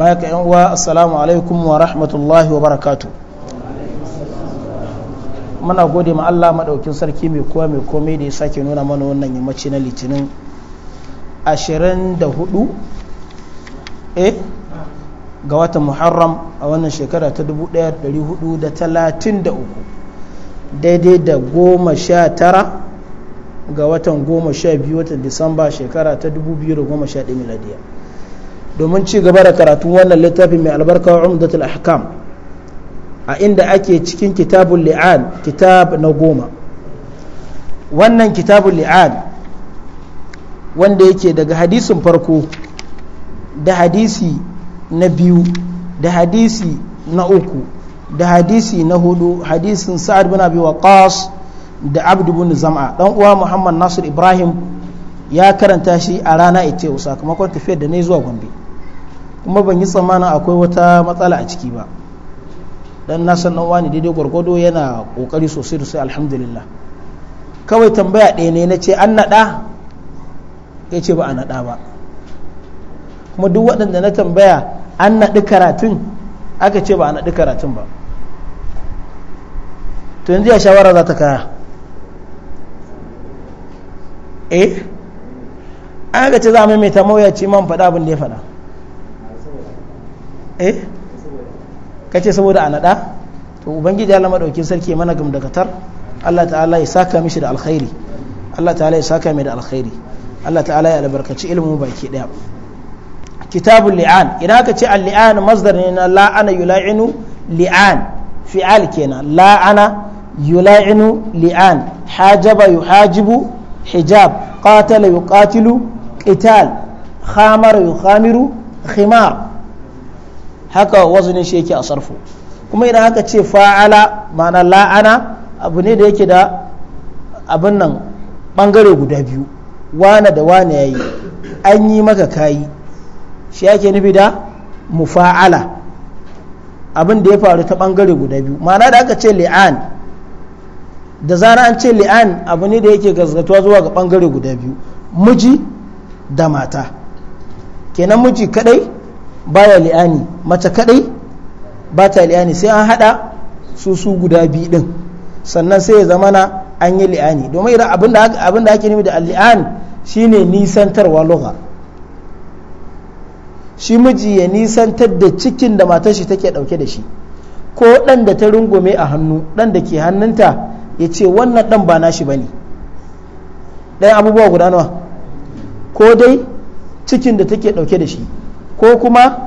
bayaka yan uwa assalamu alaikum wa rahmatullahi wa barakatu muna gode ma Allah madaukin sarki mai kowa mai komai da ya sake nuna mana wannan yammaci na litinin 24 eh ga watan muharram a wannan shekara ta 1433 daidai da goma sha tara ga watan goma sha biyu watan disamba shekara ta 2011 miladiya domin ci gaba da karatun wannan littafi mai albarka umdatul ahkam a inda ake cikin kitabul li'an kitab na goma wannan kitabul li'an wanda yake daga hadisin farko da hadisi na biyu da hadisi na uku da hadisi na hudu hadisin sa'ad bin abi waqas da abdu bin zam'a dan uwa muhammad nasir ibrahim ya karanta shi a rana ita sakamakon tafiyar da ne zuwa gombe kuma ban yi tsammanin akwai wata matsala a ciki ba dan na san wani daidai gwargwado yana kokari sosai da sai alhamdulillah kawai tambaya ɗaya ne na ce an naɗa ya ce ba a naɗa ba kuma duk waɗanda na tambaya an naɗi karatun aka ce ba a naɗi karatun ba to yanzu ya shawara za ta kaya eh ga ce za a maimaita mawuyaci man faɗa abin da ya faɗa eh kace saboda a naɗa to ubangiji Allah madaukin sarki mana gam daga tar Allah ta'ala ya saka mishi da alkhairi Allah ta'ala ya saka mai da alkhairi Allah ta'ala ya albarkaci ilimin baki daya kitabul li'an idan aka ce al-li'an masdar ne na la'ana yula'inu li'an fi'al kenan la'ana yula'inu li'an hajaba yuhajibu hijab qatala yuqatilu qital khamara yukhamiru khimar haka wazanin shi yake a sarfu kuma idan aka ce fa'ala ma'ana la'ana abu ne da yake da abin nan bangare guda biyu wane da wane yayi an yi maka kayi shi yake nufi da mufa'ala abin da ya faru ta bangare guda biyu ma'ana da aka ce li'an da zara an ce li'an abu ne da yake gazgatuwa zuwa ga bangare guda biyu miji da mata kenan miji kadai baya li'ani mace kadai ba ta li'ani sai an hada su su guda biyu din sannan sai ya zama na an yi li'ani domin idan abin da ake nemi da li'an shine nisantarwa lugha shi miji ya nisantar da cikin da matar shi take dauke da shi ko dan da ta rungume a hannu dan da ke hannunta ya ce wannan dan ba nashi bane ɗayan abubuwa guda nawa ko dai cikin da take dauke da shi ko kuma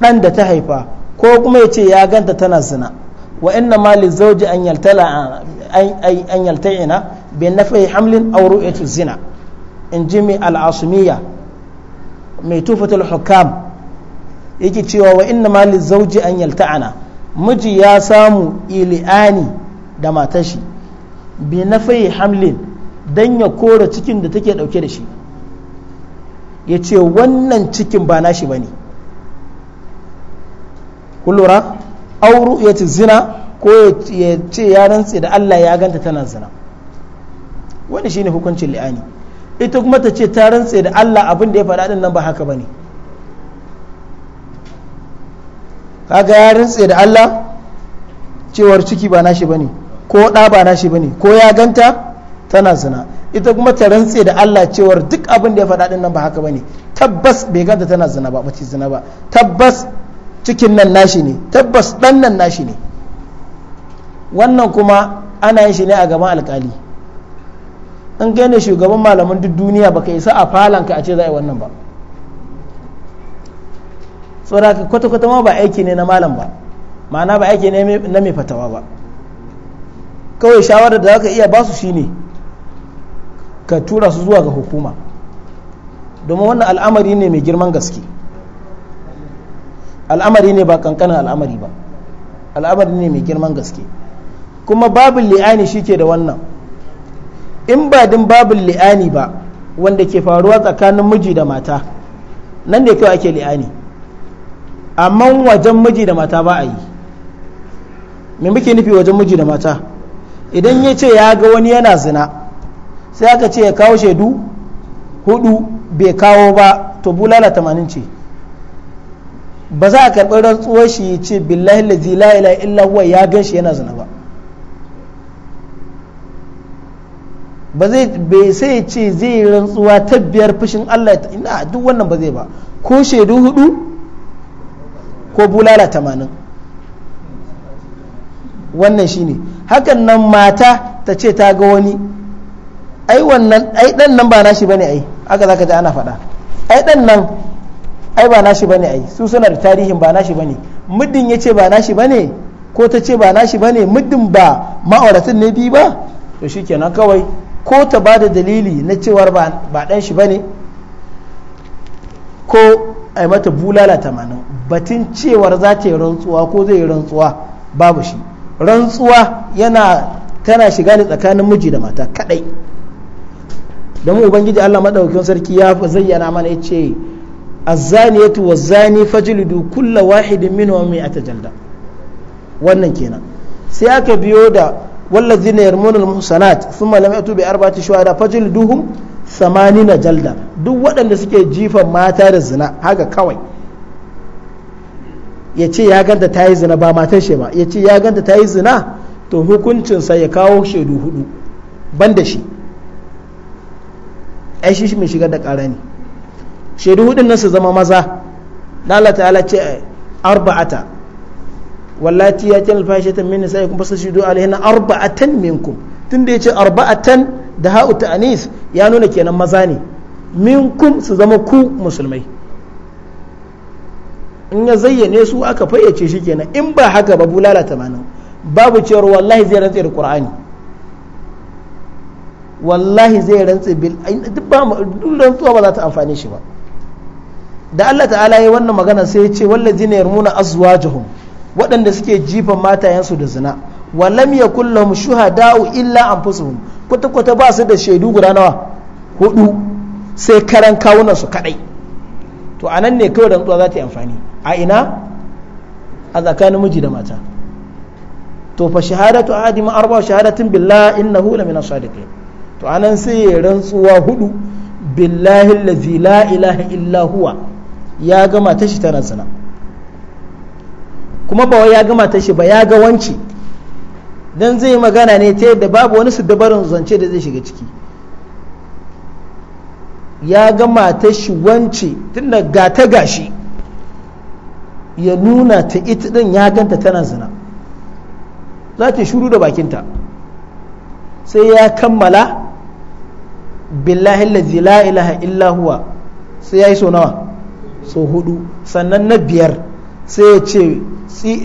ɗan da ta haifa ko kuma ya ce ya ganta tana zina wa inna ma li zawji an yaltala an bi hamlin aw ru'yati zina in ji mai al'asumiya mai tufatul hukam yake cewa wa inna ma li zawji an yalta'ana miji ya samu ili'ani da matashi bi nafi hamlin dan ya kora cikin da take dauke da shi ya ce wannan cikin ba nashi ba ne kullura auru ya ce zina ko ya ce ya rantse da Allah ya ganta tana zina wani shine hukuncin li'ani ita kuma ta ce ta rantse da Allah abin da ya faɗa din nan ba haka ba ne kaga ya rantse da Allah cewar ciki ba nashi ba ne ko ɗa ba nashi ba ne ko ya ganta tana zina ita kuma ta rantse da Allah cewar duk abin da ya faɗa nan ba haka ba ne tabbas bai ganta tana zina ba ce zina ba tabbas cikin nan nashi ne tabbas dan nan nashi ne wannan kuma ana yin shi ne a gaban alkali in kai ne shugaban malaman duk duniya ba ka isa a falanka a ce za a yi wannan ba tsoraka kwata-kwata ma ba aiki ne na malam ba ma'ana ba aiki ne na mai fatawa ba kawai shawarar da za ka iya basu shine ka tura su zuwa ga hukuma domin wannan al'amari ne mai girman gaske al'amari ne ba kankanin al'amari ba al'amari ne mai girman gaske kuma babin li'ani shike da wannan in ba din babin li'ani ba wanda ke faruwa tsakanin miji da mata nan ne kawai ake li'ani amma wajen miji da mata ba a yi me muke nufi wajen miji da mata idan ya ce ya ga wani yana zina sai aka ce ya kawo shaidu hudu bai kawo ba to bulala tamanin ce ba za a karɓi rantsuwar shi ya ce billahi la ila illa huwa ya gan shi yana zina ba ba zai bai sai ce zai yi rantsuwa ta biyar fushin Allah ina duk wannan ba zai ba ko shaidu hudu ko bulala tamanin wannan shine hakan nan mata ta ce ta ga wani ai wannan ai dan nan ba nashi bane ai haka zaka ji ana faɗa ai dan nan ai ba nashi bane ai su suna da tarihin ba nashi bane muddin yace ba nashi bane ko ta ce ba nashi bane muddin ba ma'auratan ne bi ba to shikenan kawai ko ta ba da dalili na cewar ba dan shi bane ko ai mata bulala tamanin batun cewar za ta yi rantsuwa ko zai yi rantsuwa babu shi rantsuwa yana tana shiga ne tsakanin miji da mata kadai mu ubangiji Allah madaukin sarki ya zayyana mana yace azzaniyatu wazzani fajlidu kulla wahidin wa mi'ata jalda wannan kenan sai aka biyo da wallazina yarmuna almuhsanat thumma lam yatu bi arba'ati shuhada fajliduhum na jalda duk waɗanda suke jifan mata da zina haka kawai ya ce ya ganta ta zina ba matan shi ba ya ce ya ganta tayi yi zina to hukuncinsa ya kawo shaidu hudu ban da shi ai shi mai shigar da ƙara ne shaidu hudun nan su zama maza da Allah ta'ala ce arba'ata wallati ya kyan alfashatan min sai kuma su shidu alaihin arba'atan minkum tun da ya ce arba'atan da ha'u ta'anis ya nuna kenan maza ne minkum su zama ku musulmai in ya zayyane su aka fayyace shi kenan in ba haka ba bulala tamanin babu cewar wallahi zai rantse da kur'ani. wallahi zai rantse bil duk ba duk rantsuwa ba za ta amfane shi ba da Allah ta'ala ya wannan magana sai ya ce wallazina yarmuna azwajuhum waɗanda suke jifan matayensu da zina walam yakul lahum shuhada'u illa anfusuhum kwata kwata ba su da shaidu guda nawa hudu sai karan kawunan su kadai to anan ne kawai rantsuwa za ta yi amfani a ina a tsakanin miji da mata to fa shahadatu ahadima arba shahadatin billahi innahu lamina sadiqin to anan sai ya rantsuwa hudu billahi allazi la ilaha illa huwa ya gama tashi ta rantsana kuma ba ya gama tashi ba ya ga wanci dan zai magana ne ta yadda babu wani su dabarin zance da zai shiga ciki ya gama tashi wance tunda ga ta gashi ya nuna ta ita din ya ganta tana zina za ta shuru da bakinta sai ya kammala billahi allazi la ilaha illa huwa sai yayi so nawa so hudu sannan na biyar sai ya ce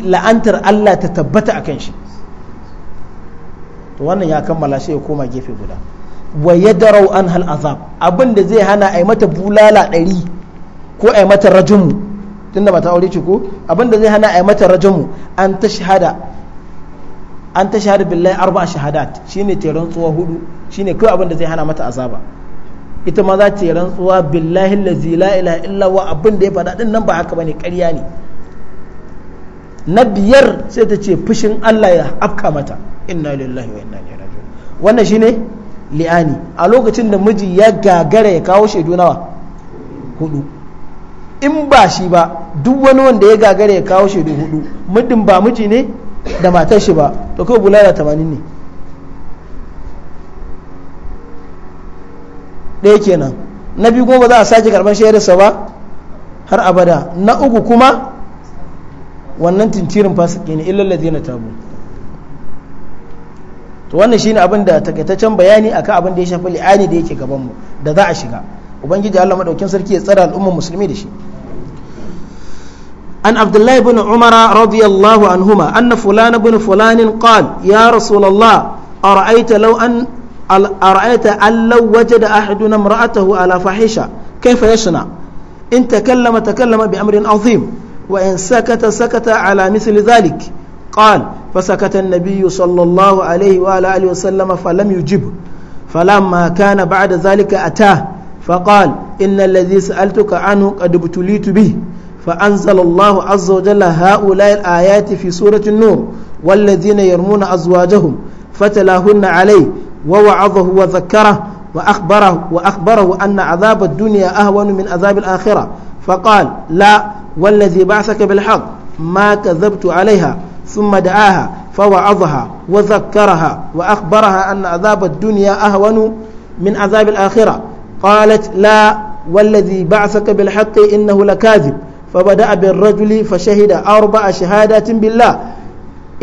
la'antar Allah ta tabbata a kan shi to wannan ya kammala sai ya koma gefe guda wa ya darau an hal azab abin da zai hana yi mata bulala ɗari ko yi mata rajinmu tun da mata aure ce ko abin da zai hana ai mata rajinmu an ta shahada an ta shahada billahi arba shahadat shine ta rantsuwa hudu shine kawai abin da zai hana mata azaba ita ma za ta rantsuwa billahi allazi la ilaha illa wa abin da ya faɗa din nan ba haka bane ƙarya ne na biyar sai ta ce fushin Allah ya afka mata inna lillahi wa inna ilaihi raji'un wannan shine li'ani a lokacin da miji ya gagara ya kawo shaidu nawa hudu in ba shi ba duk wani wanda ya gagara ya kawo shaidu hudu muddin ba miji ne da matar shi ba to kawai bulala tamanin ne ɗaya kenan na biyu kuma ba za a sake karɓar shaidarsa ba har abada na uku kuma wannan tintirin fasiki ne illallazi na tabu to wannan shine abin da takaitaccen bayani akan abin da ya shafi li'ani da yake gabanmu da za a shiga ubangiji Allah madaukin sarki ya tsara al'ummar musulmi da shi عن عبد الله بن عمر رضي الله عنهما أن فلان بن فلان قال يا رسول الله أرأيت لو أن أرأيت أن لو وجد أحدنا امرأته على فحشة كيف يصنع إن تكلم تكلم بأمر عظيم وإن سكت سكت على مثل ذلك قال فسكت النبي صلى الله عليه وعلى آله وسلم فلم يجب فلما كان بعد ذلك أتاه فقال إن الذي سألتك عنه قد ابتليت به فأنزل الله عز وجل هؤلاء الآيات في سورة النور والذين يرمون أزواجهم فتلاهن عليه ووعظه وذكره وأخبره وأخبره أن عذاب الدنيا أهون من عذاب الآخرة فقال لا والذي بعثك بالحق ما كذبت عليها ثم دعاها فوعظها وذكرها وأخبرها أن عذاب الدنيا أهون من عذاب الآخرة قالت لا والذي بعثك بالحق إنه لكاذب فبدأ بالرجل فشهد أربع شهادات بالله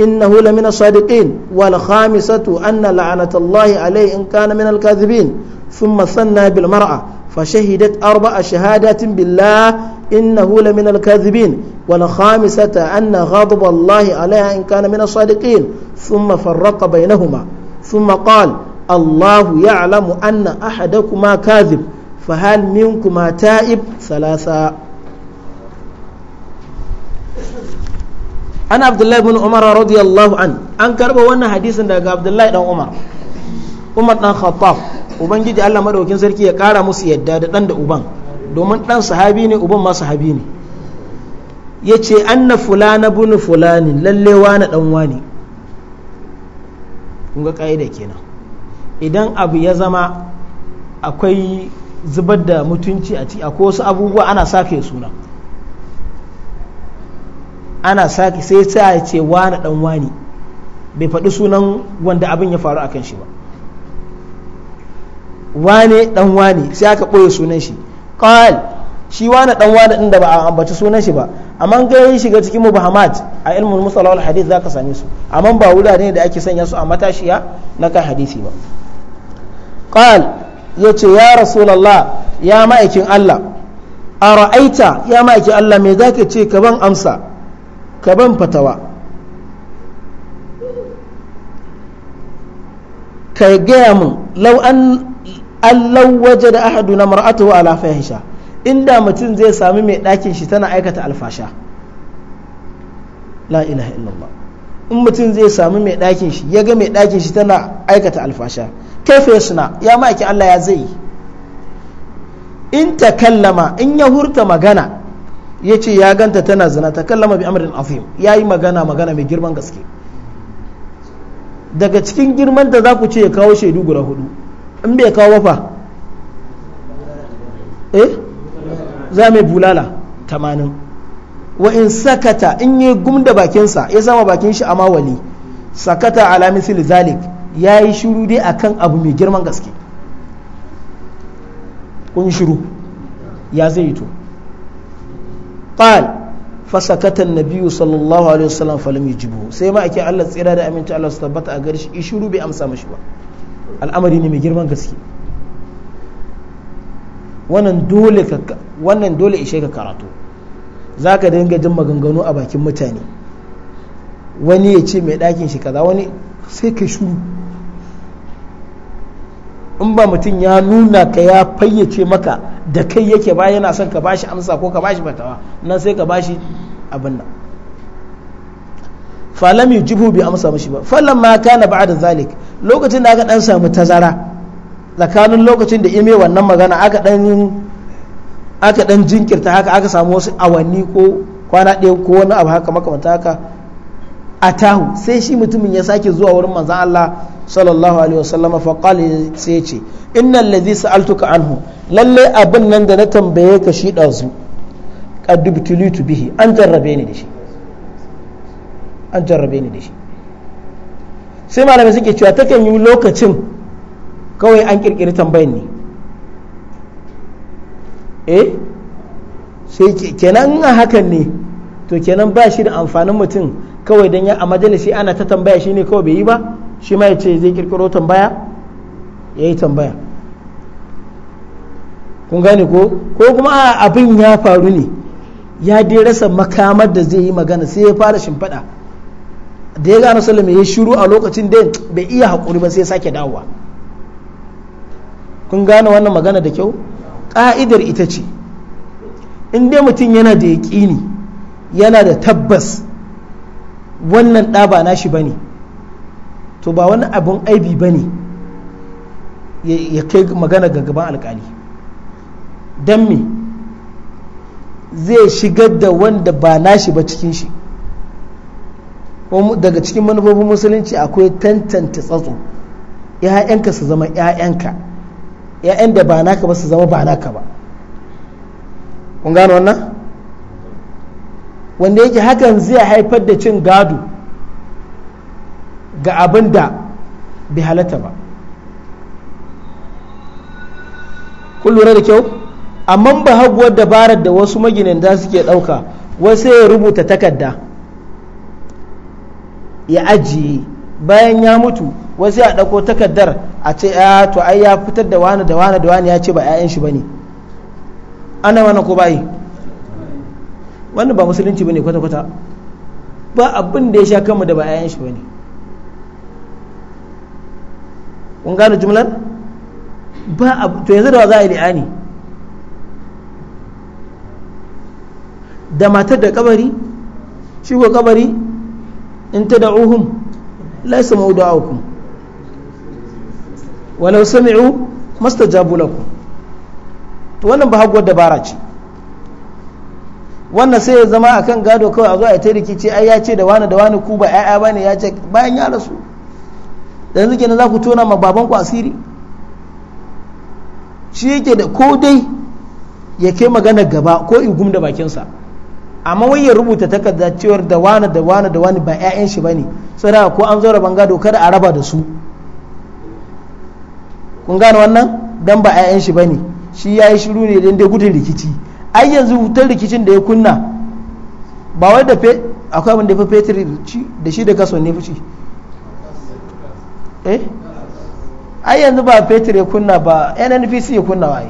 إنه لمن الصادقين والخامسة أن لعنة الله عليه إن كان من الكاذبين ثم ثنى بالمرأة فشهدت أربع شهادات بالله إنه لمن الكاذبين والخامسة أن غضب الله عليها إن كان من الصادقين ثم فرق بينهما ثم قال الله يعلم أن أحدكما كاذب فهل منكما تائب ثلاثة ana abdullahi bin umar radiyallahu an an karba wannan hadisin daga abdullahi dan umar umar dan khattab ubangiji Allah madaukin sarki ya kara musu yadda da dan da uban domin dan sahabi ne uban ma sahabi ne yace anna fulana bin fulanin lalle wani dan wani kun ga kaida kenan idan abu ya zama akwai zubar da mutunci a ciki akwai wasu abubuwa ana sake suna ana sake sai ta ya ce wani dan wani bai faɗi sunan wanda abin ya faru a kan shi ba wane dan wane sai aka ɓoye sunan shi qal shi wane dan wane din da ba a ambaci sunan shi ba amma ga yin shiga cikin mubahamat a ilmul musalla hadith zaka same su amma ba wurare da ake sanya su a matashiya na kan hadisi ba qal yace ya rasulullah ya ma'aikin Allah ara'aita ya ma'aikin Allah me zaka ce ka ban amsa ka ban fatawa ka gaya min lau an allau waje da ahadu na mar'atuhu ala fahisha inda mutum zai sami mai ɗakin shi tana aikata alfasha la ilaha illallah in mutum zai sami mai ɗakin shi ya ga mai ɗakin shi tana aikata alfasha kaifa suna ya ma'aiki Allah ya zai in ta kallama in ya hurta magana ya ce ya ganta tana zina ta kallama bi amrin afim ya yi magana magana mai girman gaske daga cikin girman da za ku ce ya kawo shaidu guda hudu in bai kawo fa eh za mai bulala tamanin wa in sakata in yi gumda bakinsa ya sama bakin shi a mawali sakata ala lizalik zalik ya yi shiru dai akan abu mai girman gaske kun shiru ya zai yi to قال فسكت النبي sallallahu alaihi عليه وسلم فلم sai ma ake Allah tsira da دا Allah الله tabbata a gare shi ishuru bai amsa mashi ba al'amari ne mai girman gaske wannan dole ka wannan dole ishe ka karatu zaka dinga jin maganganu a bakin mutane wani ya ce mai ɗakin shi kaza wani sai ka shuru in ba mutum ya nuna ka ya fayyace maka da kai yake ba yana son ka bashi amsa ko ka bashi fatawa nan sai ka bashi abin nan falam yujibu bi amsa mashi ba falam ma kana ba'da zalik lokacin da aka dan samu tazara tsakanin lokacin da ime wannan magana aka dan jinkirta haka aka samu wasu awanni ko kwana ɗaya ko wani abu haka makamanta haka a tahu sai shi mutumin ya sake zuwa wurin manzan Allah sallallahu alaihi wasallama fa qali sai ce innal ladhi sa'altuka anhu lalle abin nan da na tambaye ka shi dazu qad bitulitu bihi an jarrabe ni da shi an jarrabe ni da shi sai malamai suke cewa kan yi lokacin kawai an kirkiri tambayin ne eh sai kenan hakan ne to kenan ba shi da amfanin mutum kawai don ya a majalisi ana ta tambaya shi ne kawai bai yi ba shi ma ya ce zai kirkiro tambaya ya yi tambaya kun gane ko ko kuma abin ya faru ne ya dai rasa makamar da zai yi magana sai ya fara shimfiɗa da ya gano salam ya shiru a lokacin da bai iya haƙuri ba sai ya sake dawowa kun gane wannan magana da kyau ƙa'idar ita ce in dai mutum yana da yaƙini yana da tabbas wannan ɗaba nashi ba ne to ba wani abin aibi ba ne ya kai magana ga gaban alkali don me zai shigar da wanda ba nashi ba cikin shi daga cikin manufofin musulunci akwai tantance tsatso ‘ya'yanka su zama ‘ya'yanka ‘ya'yan da ba naka ba su zama ba naka ba kun gano wannan wanda yake hakan zai haifar da cin gado ga abin da bai halatta ba kun lura da kyau amma ba haguwar dabarar da wasu maginanta suke ɗauka wasu ya rubuta takarda ya ajiye bayan ya mutu wasu ya ɗauko takardar a ce ya to ai ya fitar da wani da wani da wani ya ce ba 'ya'yan shi ba ne ana wani ko bayi wannan ba musulunci ba ne kwata-kwata ba abin da ya sha kanmu da ba 'ya'yan shi ba ne kun gane jumlar ba to yanzu da wa za a yi li'ani da matar da kabari shi ko kabari in ta da'uhum la yasma'u da'akum walau sami'u mastajabu ku to wannan ba haguwar dabara ce wannan sai ya zama akan gado kawai a zo ya ta rikici ai ya ce da wani da wani ku ba 'ya'ya bane ya ce bayan ya rasu yanzu kenan za ku tona ma babanku asiri shi yake da ko dai ya kai magana gaba ko igum da bakinsa amma wai ya rubuta takarda cewar da wani da wani da wani ba 'ya'yan shi bane sai ko an zo raban gado kada a raba da su kun gane wannan dan ba 'ya'yan shi bane shi ya yi shiru ne dan dai gudun rikici ai yanzu wutar rikicin da ya kunna ba wai da akwai abin da fa fetir da shi da kaso ne fushi eh ai yanzu ba fetur ya kunna ba nnpc ya kunna wa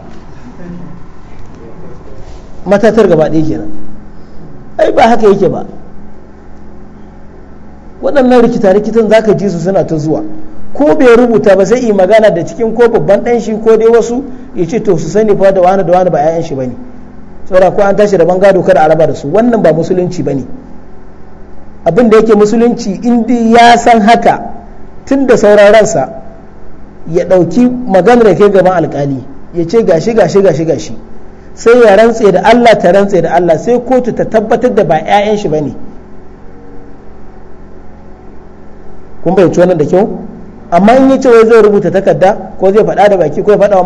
matatar gaba ɗaya kenan ai ba haka yake ba waɗannan rikita-rikitan za ka ji su suna ta zuwa ko bai rubuta ba sai yi magana da cikin ko babban ɗan shi ko dai wasu ya ce to su sani fa da wani da wani ba 'ya'yan shi ba ne saboda ko an tashi da bangado kada a raba da su wannan ba musulunci ba ne abin da yake musulunci in ya san haka tun da sauran ransa ya ɗauki maganar ya kai gaban alkali ya ce gashi gashi gashi gashi sai ya rantse da Allah ta rantse da Allah sai kotu ta tabbatar da ba 'ya'yan shi bane kun bai wannan da kyau amma in ce wai zai rubuta takarda ko zai faɗa da baki ko ya faɗa wa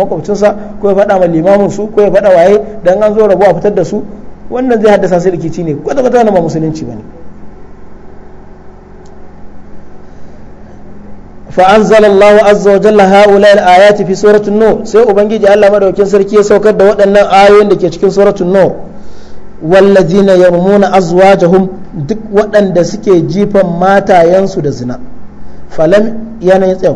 makwabcinsa ko ya faɗa wa limamin su ko ya faɗa waye dan an zo rabuwa fitar da su wannan zai haddasa su rikici ne kwata kwata na ba musulunci bane فأنزل الله عز وجل هؤلاء الآيات في سورة النور سي أبنجي الله مدعو كن سركي سوكر دوات أن آيوين دكي تكن سورة النور والذين يرمون أزواجهم دك وأن دسكي جيبا ماتا ينسو دزنا فلم ينسو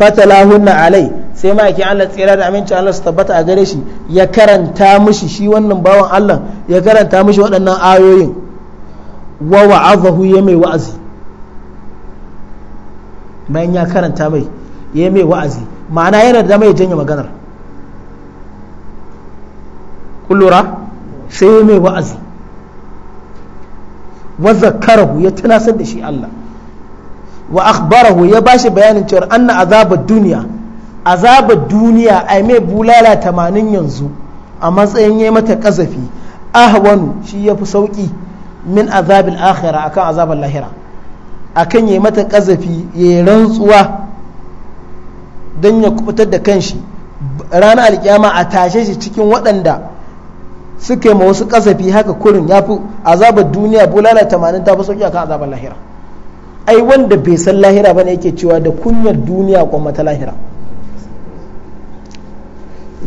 fatala na alai sai ma'aikin Allah tsira da aminci Allah su tabbata a gare shi ya karanta mishi shi wannan bawan Allah ya karanta mishi waɗannan ayoyin wa wa'azahu ya mai wa'azi bayan ya karanta mai ya mai wa'azi ma'ana yana da mai janye maganar kullura sai ya mai wa'azi wa zakarahu ya tunasar da shi Allah wa akhbarahu ya bashi bayanin cewa anna azabar duniya azabar duniya ai mai bulala tamanin yanzu a matsayin ya mata kazafi ahwanu shi ya fi sauki min azabil akhira akan azabar lahira a kan ya mata kazafi ya rantsuwa don ya kubutar da kanshi ranar alkiyama a tashe shi cikin waɗanda suka yi ma wasu kasafi haka kurin ya fi azabar duniya bulala tamanin ta fi sauki akan azabar lahira ai wanda bai san lahira ba ne yake cewa da kunyar duniya kuma ta lahira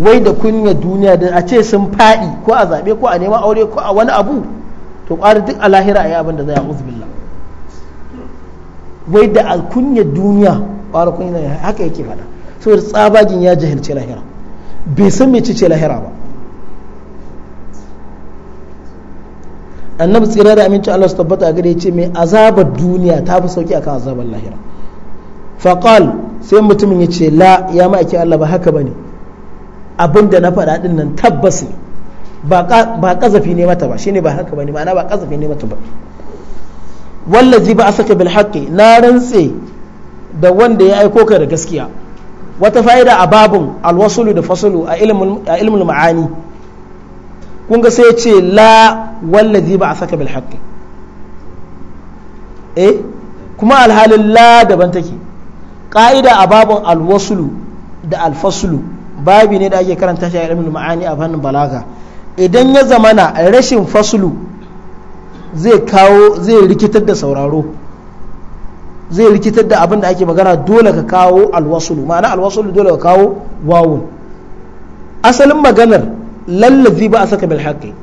wai da kunyar duniya da a ce sun faɗi ko a zaɓe ko a neman aure ko a wani abu to ƙwari duk a lahira a yi abin da zai a uzbillah wai da alkunyar duniya ƙwara kunya haka yake faɗa saboda tsabagin ya jahilci lahira bai san mai cice lahira ba annabi tsira da aminci Allah su tabbata a gare ce mai azabar duniya ta fi sauki akan azabar lahira faƙal sai mutumin ya ce la ya ma'aikin Allah ba haka bane abin da na faɗa din nan tabbas ne ba kazafi ne mata ba shine ba haka bane ma'ana ba kazafi ne mata ba wallazi ba saka bil haƙƙi na rantse da wanda ya aiko ka da gaskiya wata fa'ida a babun alwasulu da fasulu a ilmul ma'ani kun ga sai ce la wallazi ba saka bil haƙƙi eh kuma alhalin la daban take ƙa'ida a babun alwasulu da alfasulu babi ne da ake karanta shi a ilmul ma'ani a fannin balaga idan ya zamana rashin fasulu zai kawo zai rikitar da sauraro zai rikitar da abin da ake magana dole ka kawo alwasulu ma'ana alwasulu dole ka kawo wawun asalin maganar lallazi ba a saka bil haqqi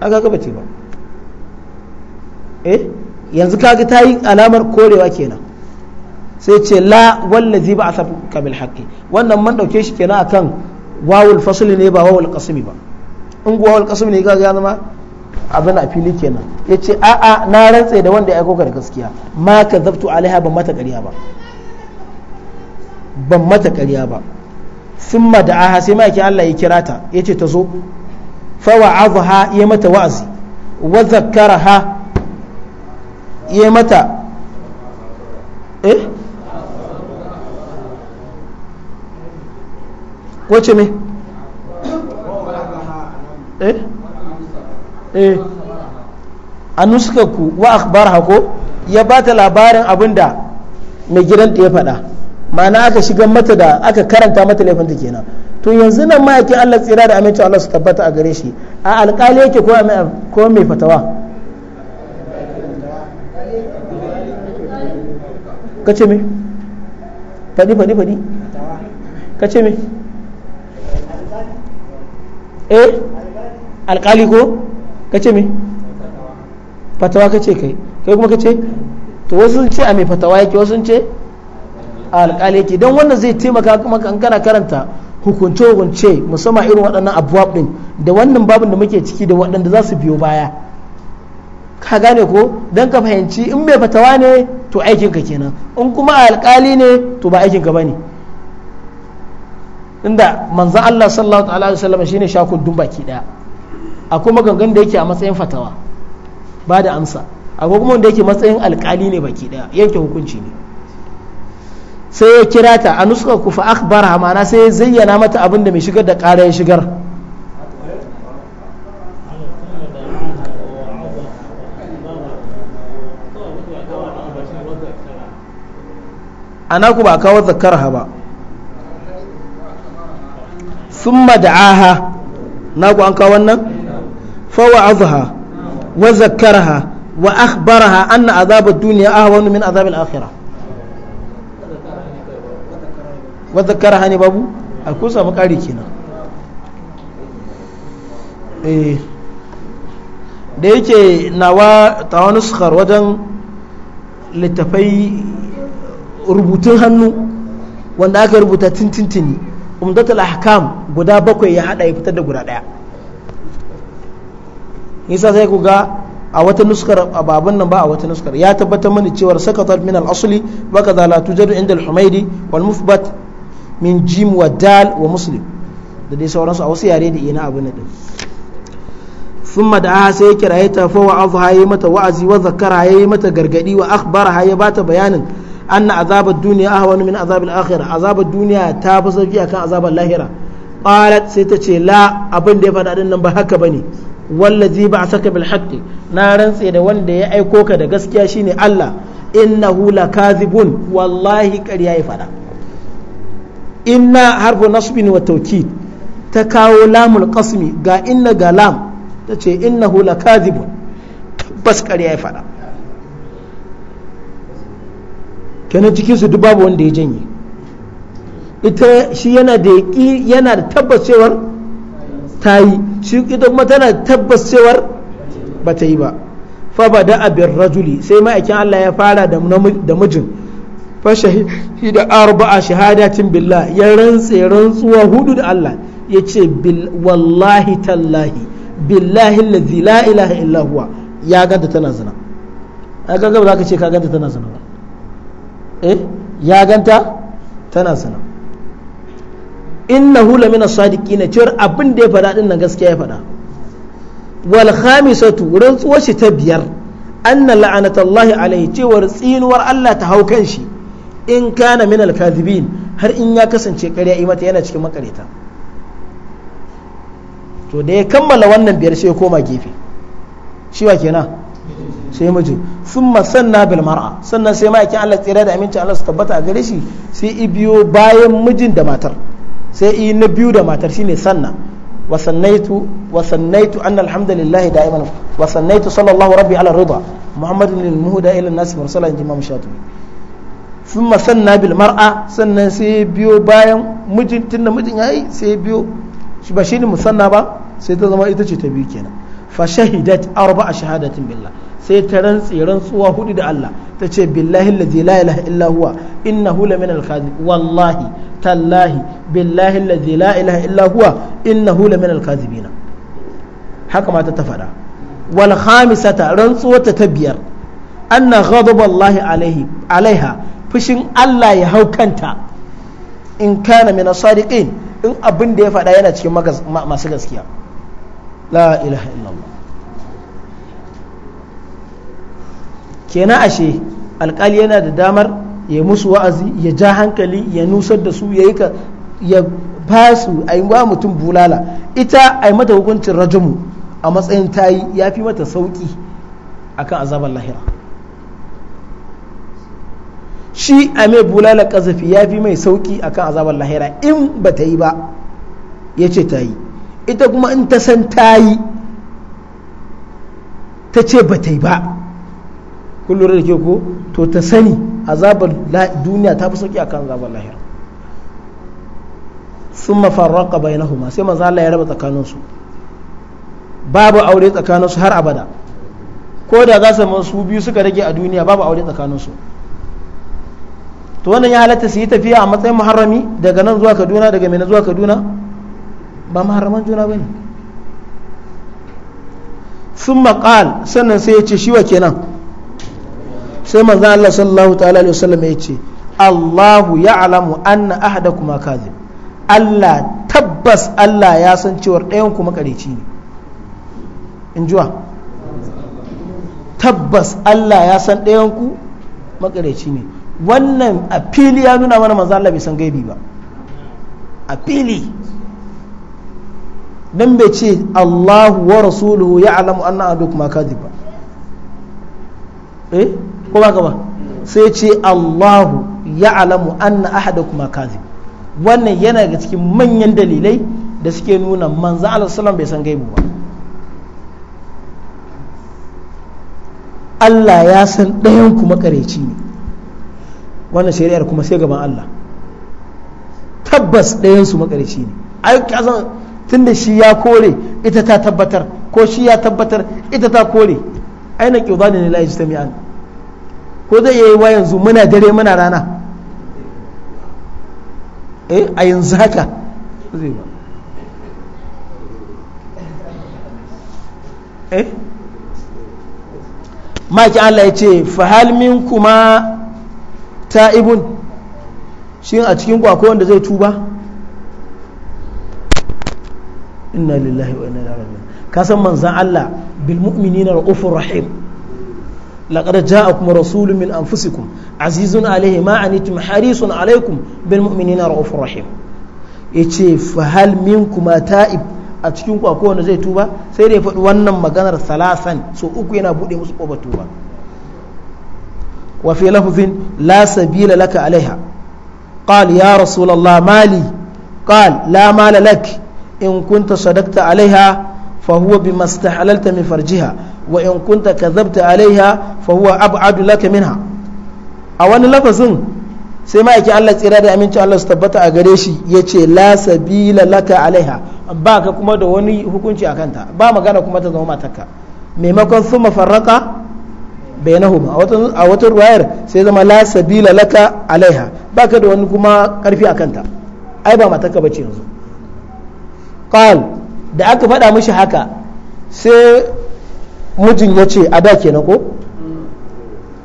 aga gaba ce ba eh yanzu kaga ta yi alamar korewa kenan sai ce la wallazi ba a saka bil haqqi wannan man dauke shi kenan akan wawul fasuli ne ba wawul qasmi ba in wawul qasmi ne kaga ya zama abin a fili kenan ya ce a'a na rantse da wanda ya aiko ka da gaskiya ma ka zabtu alaiha ban mata ƙarya ba ban mata ƙarya ba sun aha sai ma'aikin Allah ya kira ta ya ce ta zo ha ya mata wa'azi wa ha ya mata eh wace me eh Eh, a nuskaku wa akbar hako ya ba ta labarin abin da mai gidanta ya faɗa ma'ana aka shiga mata da aka karanta mata laifinta kenan to yanzu nan ma'aikin Allah tsira da amincin Allah su tabbata a gare shi a alƙali yake ko mai fatawa kace me faɗi faɗi faɗi kace me eh alƙali ko kace me fatawa kace kai kai kuma kace to wasu sun ce a mai fatawa yake wasu sun ce a alƙali yake don wannan zai taimaka kuma kan kana karanta hukunce hukunce musamman irin waɗannan abuwab ɗin da wannan babin da muke ciki da waɗanda za su biyo baya ka gane ko don ka fahimci in mai fatawa ne to aikin ka kenan in kuma alƙali ne to ba aikin ka ba ne inda manzan Allah sallallahu alaihi wasallam shine shakun dun baki daya A kuma gangan da yake a matsayin fatawa ba da amsa akwai kuma wanda yake matsayin alkali ne baki daya yanke hukunci ne sai ya kira ta a nuska kufa fa akhbara sai ya zayyana mata abin da mai shigar da ƙara ya shigar ana ku ba kawo ha ba sun da'aha na ku an kawo wannan فوعظها وذكرها وأخبرها أن عذاب الدنيا أهون من عذاب الآخرة وذكرها ني بابو أكو سامو قاري كينا da yake nawa wani sukar wajen littafai rubutun hannu wanda aka rubuta tintintini umdatul ahkam guda bakwai ya hada ya fitar da guda daya nisa sai ku ga a wata nuskar ababin nan ba a wata nuskar ya tabbatar mana cewa sakatar min al-asli ba ka zala tujadu inda al-humaidi wal mufbat min jim wa dal wa muslim da dai sauransu a wasu yare da ina abu na din sun mada'a sai ya kira ya tafi wa abu ya yi mata wa'azi wa zakara mata gargadi wa akhbara ya yi bata bayanin anna azabar duniya a hawa min azabar akhira azabar duniya ta fi sauki akan azabar lahira qalat sai ta ce la abin da ya faɗa din nan ba haka ba ne wallazi saka bil haqqi na rantse da wanda ya aiko ka da gaskiya shine Allah innahu lakazibun wallahi ƙarya ya fada inna harfu nasbin wa tawkid ta kawo lamul qasmi ga inna ga lam ta ce innahu lakazibun tabbas ƙarya ya fada kenan cikin su babu wanda ya janye ita shi yana da yana da tabbacewar tayi. shi ita kuma tana tabbas cewar ba ta yi ba fa ba da abin rajuli sai ma'aikin Allah ya fara da mijin fa shahida arba'a shahadatin billah ya rantse rantsuwa hudu da Allah ya ce wallahi tallahi billahi allazi la ilaha illa huwa ya ganta tana zina a ga ba za ka ce ka ganta tana zina ba eh ya ganta tana zina innahu lamina sadiqina cewar abin da ya faɗa din nan gaskiya ya faɗa wal khamisatu rantsuwar shi ta biyar anna la'anatallahi alaihi cewar tsinuwar Allah ta hau kan shi in kana min kadhibin har in ya kasance ƙarya yi mata yana cikin makareta to da ya kammala wannan biyar sai ya koma gefe shi wa kenan sai miji sun sanna bil mar'a sannan sai ma'aikin Allah tsira da aminci Allah su tabbata a gare shi sai ibiyo bayan mijin da matar sai yi na biyu da matar shine sanna wasannaitu wasannaitu anna alhamdulillahi da'iman wasannaitu sallallahu rabbi ala rida muhammadin lil muhda ila nas mursala in imam shatibi thumma sanna bil mar'a sannan sai biyo bayan mijin tunda mijin yayi sai biyo shi ba shine musanna ba sai ta zama ita ce ta biyu kenan fa shahidat arba'a shahadatin billah sai ta rantsi rantsuwa hudu da Allah ta ce billahi allazi la ilaha illa huwa innahu la min al-kadhib wallahi tallahi billahi allazi la ilaha illa huwa innahu la min al-kadhibina haka mata ta faɗa wal khamisata rantsuwa ta ta biyar anna ghadaballahi alaihi alaiha fushin Allah ya haukanta in kana min as-sadiqin in abin da ya faɗa yana cikin masu gaskiya la ilaha illallah kenan ashe alkali yana da damar ya musu wa'azi ya ja hankali ya nusar da su ya yi ka ya ba su a yi mutum bulala ita a yi mata hukuncin rajamu a matsayin tayi ya fi mata sauki akan azabar lahira shi a mai bulala kazafi ya fi mai sauki akan azabar lahira in ba ta yi ba ya ce ta yi ita kuma in ta san ta yi ta ce ba ta yi ba kun da ke ko to ta sani azabar duniya ta fi sauki akan azabar lahira sun mafarraka bai na huma sai maza Allah ya raba tsakaninsu babu aure tsakaninsu har abada ko da za su su biyu suka rage a duniya babu aure tsakaninsu to wannan ya halatta su yi tafiya a matsayin muharrami daga nan zuwa kaduna daga mai zuwa kaduna ba muharraman juna ba ne sun maƙal sannan sai ya ce shi wa kenan sai manzo Allah sallallahu ta'ala alaihi wasallam ya ce Allahu ya'lamu anna kuma kadhib Allah tabbas Allah ya san cewa ɗayan ku makareci ne in juwa tabbas Allah ya san ɗayan ku makareci ne wannan a fili ya nuna mana manzo Allah bai san gaibi ba a fili dan bai ce Allahu wa rasuluhu ya'lamu anna ahadakum kadhib ba eh ko ba gaba sai ce Allahu ya alamu anna kuma kazi wannan yana ga cikin manyan dalilai da suke nuna manzan Allah bai san gaibu ba Allah ya san ɗayan kuma ƙareci ne wannan shari'ar kuma sai gaban Allah tabbas ɗayan su makareci ne ai kasan tunda shi ya kore ita ta tabbatar ko shi ya tabbatar ita ta kore aina ne na yajtami'an ko zai yi wa yanzu muna dare muna rana eh a yanzu haka zai ba eh? maki Allah ya ce fahalmin kuma ta'ibun shi a cikin akwai wanda zai tuba inna lillahi wa inna ilaihi manzan Allah bil mu'minina ra'ufur rahim لقد جاءكم رسول من أنفسكم عزيز عليه ما أنتم حريص عليكم بالمؤمنين رؤوف رحيم yace fahal minkum ta'ib a cikin ku akwai wanda zai tuba sai da ya faɗi wannan maganar salasan so uku yana buɗe musu ƙofar tuba wa fi lafzin la sabila laka alaiha qal ya rasulullah mali qal la mala lak in kunta sadaqta alaiha fa huwa bima istahalalta min farjiha wa in kunta kadhabta alaiha fa huwa ab'adu laka minha a wani lafazin sai ma'aikin Allah tsira da amincin Allah su tabbata a gare shi ya ce la sabila laka alaiha ba ka kuma da wani hukunci a ta ba magana kuma ta zama matarka maimakon sun farraka bai na huma a wata ruwayar sai zama la sabila laka alaiha ba ka da wani kuma karfi a ta ai ba matarka bace yanzu qal da aka faɗa mishi haka sai mijin ya ce a da kenan ko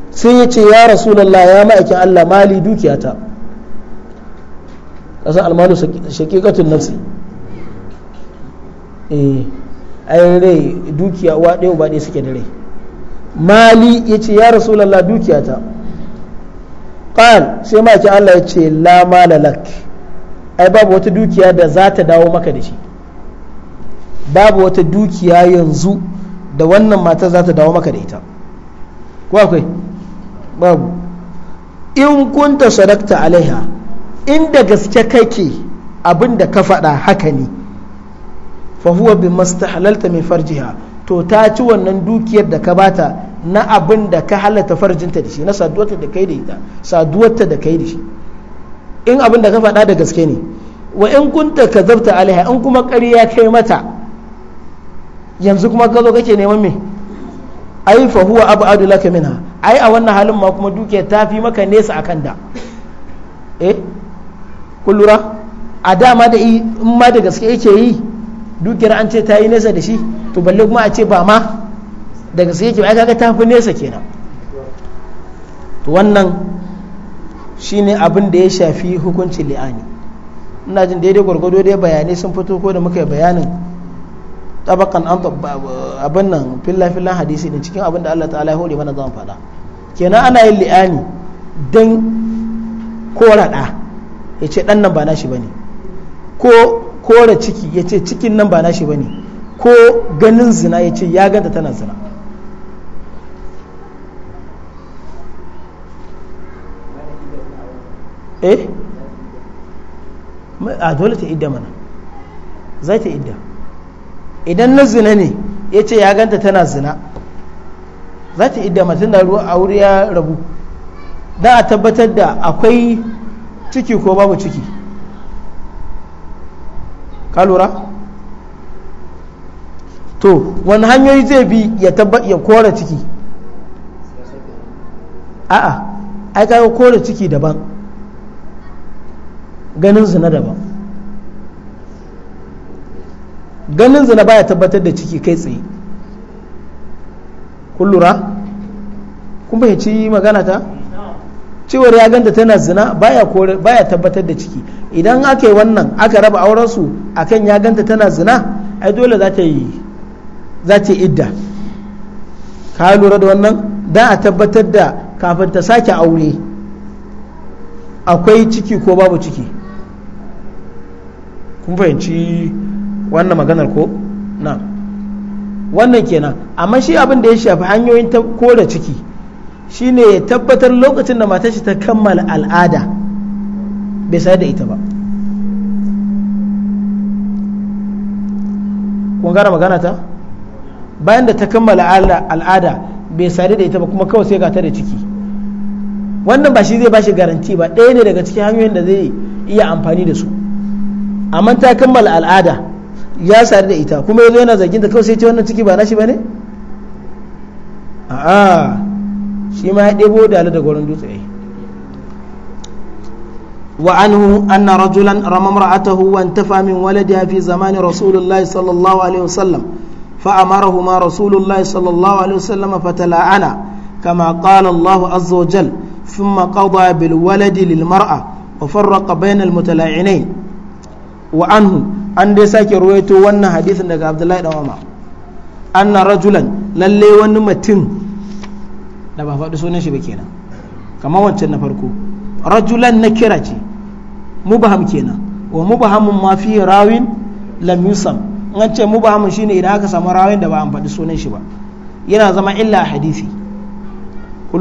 sai ya ce ya rasulallah ya ma'aikin Allah mali dukiyata kasan almanu shakikatun nafsi eh ai rai dukiya uwa ɗaya uba ɗaya suke da rai mali ya ce ya rasulallah dukiyata ƙan sai ma'aikin Allah ya ce la malalak ai babu wata dukiya da za ta dawo maka da shi babu wata dukiya yanzu da wannan matar za ta dawo maka da ita ko akwai babu in kunta sadakta alaiha inda gaske kake abin da ka faɗa haka ne fa huwa bi mastahalalta min farjiha to ta ci wannan dukiyar da ka bata na abin da ka halatta farjinta da shi na saduwarta da kai da ita saduwarta da kai da shi in abin da ka faɗa da gaske ne wa in kunta kazabta alaiha in kuma ƙarya kai mata yanzu kuma ka zo kake neman me ai fa huwa adu laka minha ai a wannan halin ma kuma duke ta fi maka nesa akan da eh kun lura a dama da in ma da gaske yake yi dukiyar an ce ta yi nesa da shi to balle kuma a ce ba ma da gaske yake ai kaga ta fi nesa kenan to wannan shine abin da ya shafi hukuncin li'ani ina jin daidai gwargwado dai bayanai sun fito ko da muka yi bayanin tabakan an abin nan fillafillan fillan hadisi ne cikin abin da Allah ta'ala ya hore mana zan faɗa kenan ana yin li'ani dan koraɗa yace ya ce ɗan nan ba nashi ba ne ko kora ciki ya ce cikin nan ba nashi ba ne ko ganin zina ya ce ya ganta tana zina eh a dole ta idda mana za ta idda idan na zina ne ya ce ya ganta tana zina za ta idda matan da ruwa wuri ya rabu Za a tabbatar da akwai ciki ko babu ciki ka lura to wani hanyoyi zai bi ya ya kora ciki a'a ai kaga kora ciki daban ganin zina daban ganin zina baya tabbatar da ciki kai tsaye kun lura kun fahimci magana ta cewar ya ganta tana zina baya kore tabbatar da ciki idan aka yi wannan aka raba auren su akan ya ganta tana zina ai dole za ta yi za ta idda ka lura da wannan da a tabbatar da kafin ta sake aure akwai ciki ko babu ciki kun fahimci wannan maganar ko na wannan kenan amma shi abin da ya shafi hanyoyin ta kore ciki shine ya tabbatar lokacin da matar shi ta kammala al'ada bai sayar da ita ba kun gane magana ta bayan da ta kammala al'ada bai sayar da ita ba kuma kawai sai ga ta da ciki wannan ba shi zai bashi garanti ba ɗaya ne daga cikin hanyoyin da zai iya amfani da su amma ta kammala al'ada ya sadu da ita kuma yanzu yana zargin ta kawai sai ce wannan ciki ba na nashi bane a'a shi ya ɗebo dala da gwarin dutse wa anhu ana rajulan rama ra'atahu wa intafa min waladiha fi zamani rasulullahi sallallahu alaihi wasallam fa amarahu ma rasulullahi sallallahu alaihi wasallam fa tala'ana kama qala Allah azza jal thumma qada bil waladi lil mar'a wa farraqa bayna al mutala'inain wa anhu an dai sake ruwaito wannan hadisin daga abdullahi dan umar anna rajulan lalle wani mutum da ba faɗi sunan shi ba kenan kamar wancan na farko rajulan na kira ce mubaham kenan wa mubahamun ma fi rawin lam yusam an ce mubahamun shine idan aka samu rawin da ba an faɗi sunan shi ba yana zama illa hadisi kun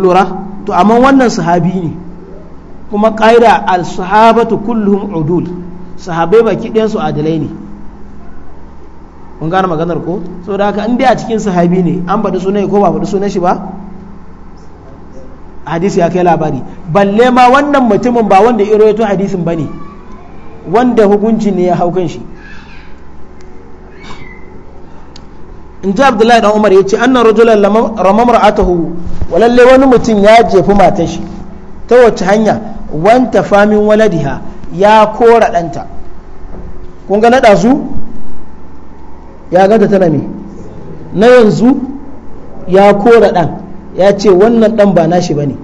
to amma wannan sahabi ne kuma ƙaida al-sahabatu kulluhum udul sahabai baki ɗayan su adalai ne kun gane maganar ko saboda haka inda a cikin sahabi ne an baɗi sunan ko ba baɗi sunan shi ba hadisi ya kai labari balle ma wannan mutumin ba wanda ya rawaito hadisin ne wanda hukunci ne ya hau kan shi in ji abdullahi dan umar ya ce annan rajulan ramam atahu walalle wani mutum ya jefi matashi shi ta wace hanya wanta famin waladiha ya kora ɗanta kun ga na ɗazu ya gada tana me na yanzu ya kora ɗan ya ce wannan ɗan ba nashi ba ne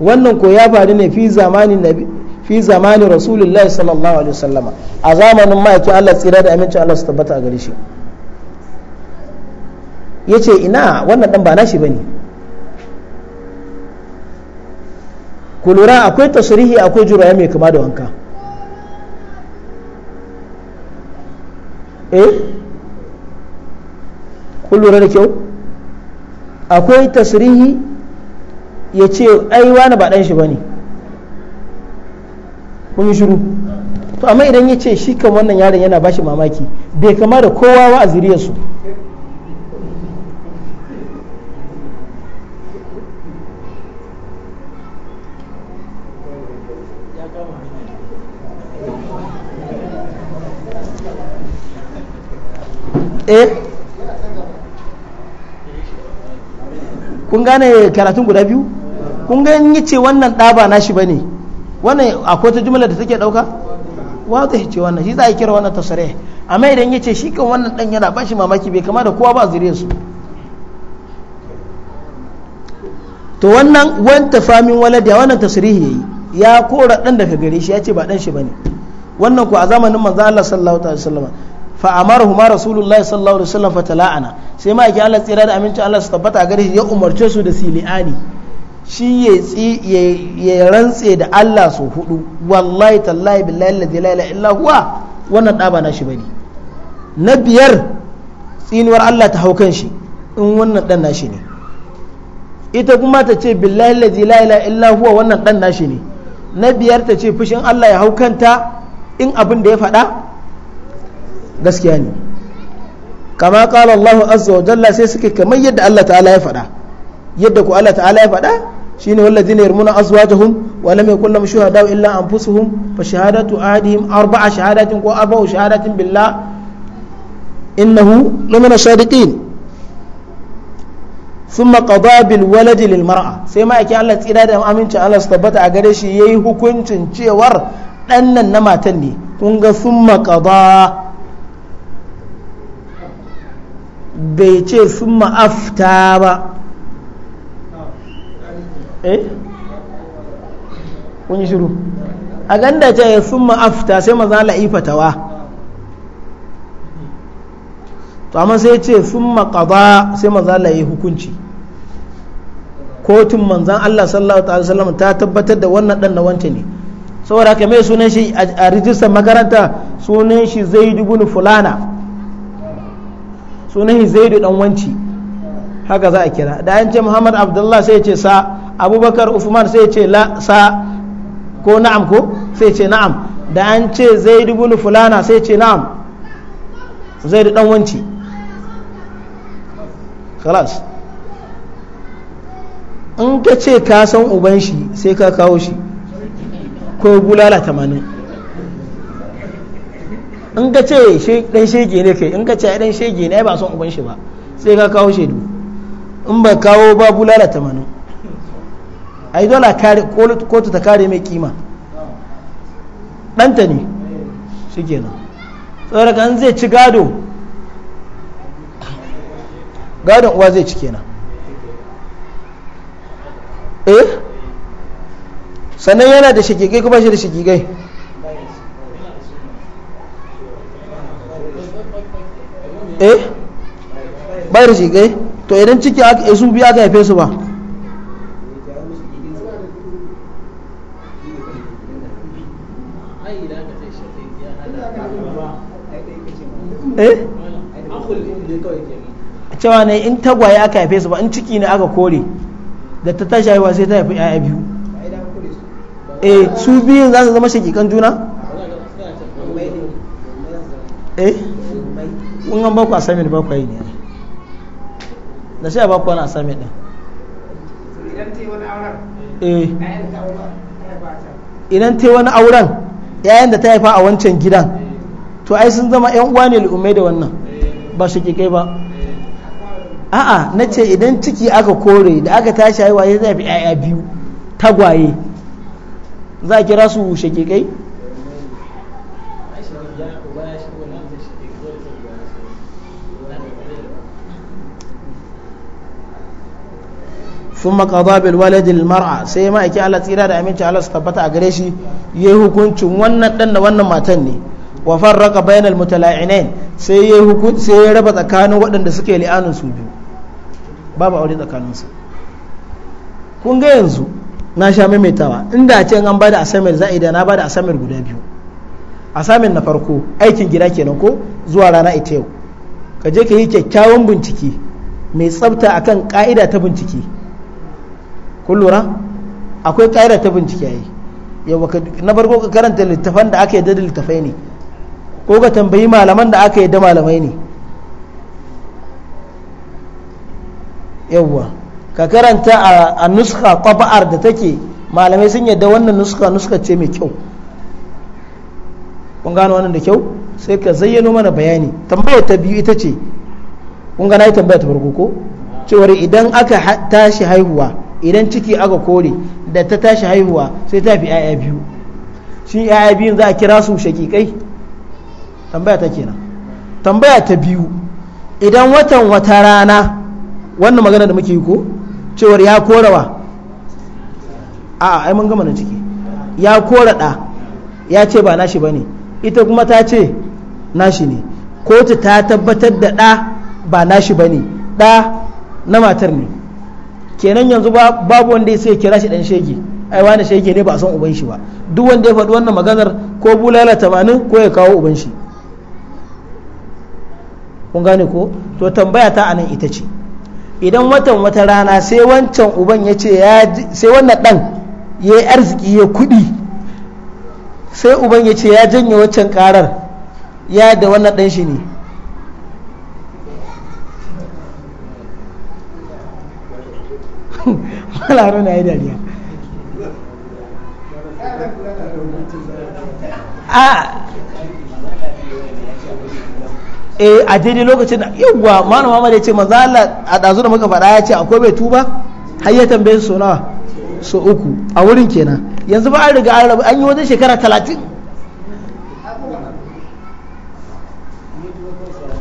wannan ko ya faru ne fi zamanin fi zamanin rasulullahi sallallahu alaihi wasallama a zamanin ma'aikin Allah tsira da amincin Allah su tabbata a gare shi ya ce ina wannan ɗan ba nashi ba ne ku lura akwai tasirihi akwai jura mai kama da wanka eh kun lura da kyau akwai tasirihi ya ce ai wani ba ɗan shi ba ne kun shiru to amma idan ya ce shi kan wannan yaron yana bashi mamaki bai kama da kowa wa a zuriyarsu gane karatun guda biyu kun ga yi ce wannan ɗa ba nashi ba ne wannan akwai ta jumla da take ɗauka wata ce wannan shi za a kira wannan tasare amma idan ya ce shi kan wannan ɗan yana ba shi mamaki bai kama da kowa ba zuriyar su to wannan wanta famin waladiya wannan ya yi ya kora ɗan daga gare shi ya ce ba ɗan shi ba ne wannan ku a zamanin manzo Allah sallallahu alaihi wasallam fa amarahu huma rasulullahi sallallahu alaihi wasallam fa tala'ana sai ma yake Allah tsira da amincin Allah su tabbata gare shi ya umarce su da sili'ani shi ya ya rantse da Allah su hudu wallahi tallahi billahi la ilaha illa huwa wannan da ba nashi bane na biyar tsinuwar Allah ta haukan shi in wannan dan nashi ne ita kuma ta ce billahi la ilaha illa huwa wannan dan nashi ne na biyar ta ce fushin Allah ya haukanta in abin da ya faɗa gaskiya ne kama kala Allah azza wa jalla sai suke kamar yadda Allah ta'ala ya faɗa yadda ku Allah ta'ala ya faɗa shine walladhina yarmuna azwajahum wa lam yakul lahum shuhada illa anfusuhum fa shahadatu ahadihim arba'a shahadatin ko arba'u shahadatin billah innahu lamina sadiqin ثم قضى بالولد mara sai ma yake Allah tsira da amincin Allah su tabbata a gare shi yayi hukuncin cewar dan nan na matan ne kun ga thumma qada bai ce sun ma'afta ba eh kun yi shiru a ganda ce sun ma'afta sai maza tawa. to amma sai ce sun maƙaba sai maza la'i hukunci kotun manzan Allah sallallahu ta'ala sallam ta tabbatar da wannan dan na wancan ne saboda haka mai sunan shi a rijistar makaranta sunan shi zai dubun fulana sunan zaidu dan wanci haka za a kira da an ce muhammad abdullah sai ce sa abubakar Uthman sai ce la sa ko na'am ko sai ce na'am da an ce zaidu bin fulana sai ce na'am zaidu dan wanci khalas in ka ce ka san uban shi sai ka kawo shi ko bulala 80 in ka ce dan shege ne kai in ka ce dan shege ne ba son uban shi ba sai ka kawo shaidu in ba kawo ba bulala manu ai dole kare kotu ta kare mai kima ɗanta ne shi kenan tsoraka kan zai ci gado gadon uwa zai ci kenan eh sannan yana da shigigai kuma shi da shigigai eh bayar shi kai eh? to idan ciki aka eh, su biya aka haife su ba eh cewa ne in tagwaye aka haife su ba in ciki ne aka kore da ta tashi haihuwa sai ta haifi yaya biyu eh su biyun za su zama shakikan juna eh Ƙungan an baku assignment baku yi ne da sai a baku wani assignment din idan ta wani auren eh. yayan da ta haifa a wancan gidan to ai sun zama yan uwa ne al'ummai da wannan ba shi kai ba a'a na ce idan ciki aka kore da aka tashi haihuwa ya zafi 'ya'ya biyu tagwaye za a kira su shakikai sun makaza bil waladi mar'a sai ma yake Allah tsira da aminci Allah su tabbata a gare shi yi hukuncin wannan dan da wannan matan ne wa farraqa bayanan mutala'inain sai ya hukunci sai ya raba tsakanin waɗanda suke li'anin su biyu babu aure tsakanin su kun ga yanzu na sha maimaitawa inda a ce an bada asamir za'i da na bada asamir guda biyu asamir na farko aikin gida kenan ko zuwa rana ita yau ka je ka yi kyakkyawan bincike mai tsabta akan ka'ida ta bincike kun lura akwai ƙa'ida ta bincike yayi yawa na farko ka karanta littafan da aka yadda da littafai ne ko ka tambayi malaman da aka yadda malamai ne yawa ka karanta a nuska taba'ar da take malamai sun yadda wannan nuska nuska ce mai kyau kun gano wannan da kyau sai ka zayyano mana bayani tambayar ta biyu ita ce kun gana yi tambaya ta farko ko cewar idan aka tashi haihuwa idan ciki aka kore da ta tashi haihuwa sai ta fi 'ya'ya biyu shi 'ya'ya biyun za a kira su shakikai tambaya ta kenan tambaya ta biyu idan watan wata rana wannan magana da muke yi ko cewar ya korawa a ai mun gama na ciki ya kora ɗa ya ce ba nashi ba ne ita kuma ta ce nashi ne kotu ta tabbatar da ɗa ba nashi ba ne ɗa na matar ne kenan yanzu babu wanda ya sai kira shi dan shege ai wani shege ne ba a san uban shi ba duk wanda ya faɗi wannan maganar ko bulala tamanin ko ya kawo uban shi kun gane ko to tambaya ta anan ita ce idan watan wata rana sai wancan uban ya ce sai wannan dan ya yi arziki ya kuɗi sai uban ya ce ya janye wancan karar ya da wannan dan shi ne mala dariya a eh a daidai lokacin yawwa malam Muhammad ya ce mazala a ɗazu da muka faɗa ya ce akwai bai tuba har ya tambaye su nawa so uku a wurin kenan yanzu ba an riga an rabu an yi wajen shekara talatin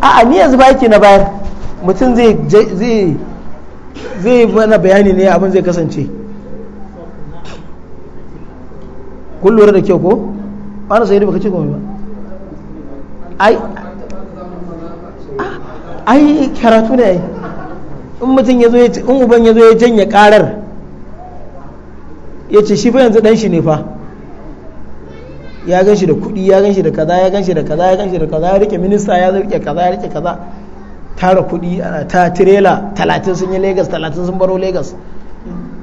a ni yanzu ba yake na bayar mutum zai zai mana bayani ne abin zai kasance kun lura da kyau ko ba na sai baka ce komai ba ai karatu ne ai in mutum ya zo in uban ya zo ya janye karar ya ce shi fa yanzu dan shi ne fa ya gan shi da kuɗi ya gan shi da kaza ya gan shi da kaza ya gan shi da kaza ya rike minista ya rike kaza ya rike kaza tara kuɗi ana ta tirela talatin sun yi lagos talatin sun baro lagos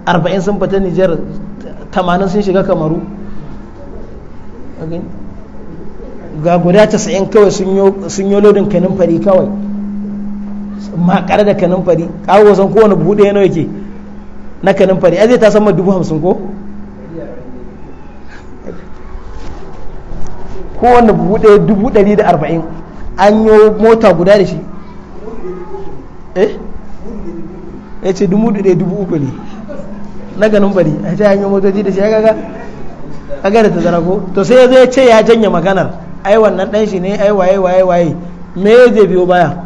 arba'in sun fita nijar tamanin sun shiga kamaru ga guda casa'in kawai sun yi lodin kanin fari kawai makare da kanin fari kawo san kowane buhu ɗaya nawa na kanin fari a zai ta sama dubu hamsin ko kowane buhu ɗaya dubu ɗari da arba'in an yi mota guda da shi eh ya ce dubu ɗaya dubu uku ne na ganin bari a ce hanyar motoci da shi ya gaga a gada ta zara ko to sai ya zo ya ce ya janye maganar ai wannan dan shi ne ai waye waye waye me ya zai biyo baya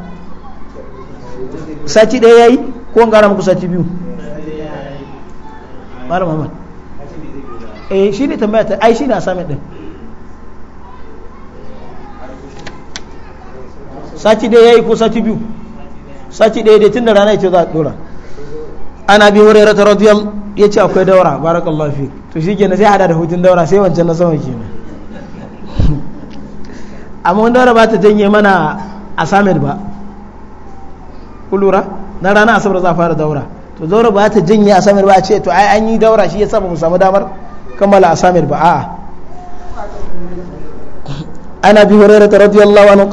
sati ɗaya ya yi ko an gara muku sati biyu mara Ahmad eh shi ne tambaya ta ai shi na samun din sati ɗaya ya yi ko sati biyu sati ɗaya dai tunda rana ce za a ɗora ana bi wurin rata radiyal ya ce akwai daura barakallahu fi to shi kenan sai hada da hutun daura sai wancan na sama kenan amma wani daura ba ta janye mana a samir ba kulura na rana asabar za a fara daura to daura ba ta janye a samir ba a ce to ai an yi daura shi ya ba mu samu damar kammala a samir ba a'a أنا أبي هريرة رضي الله عنه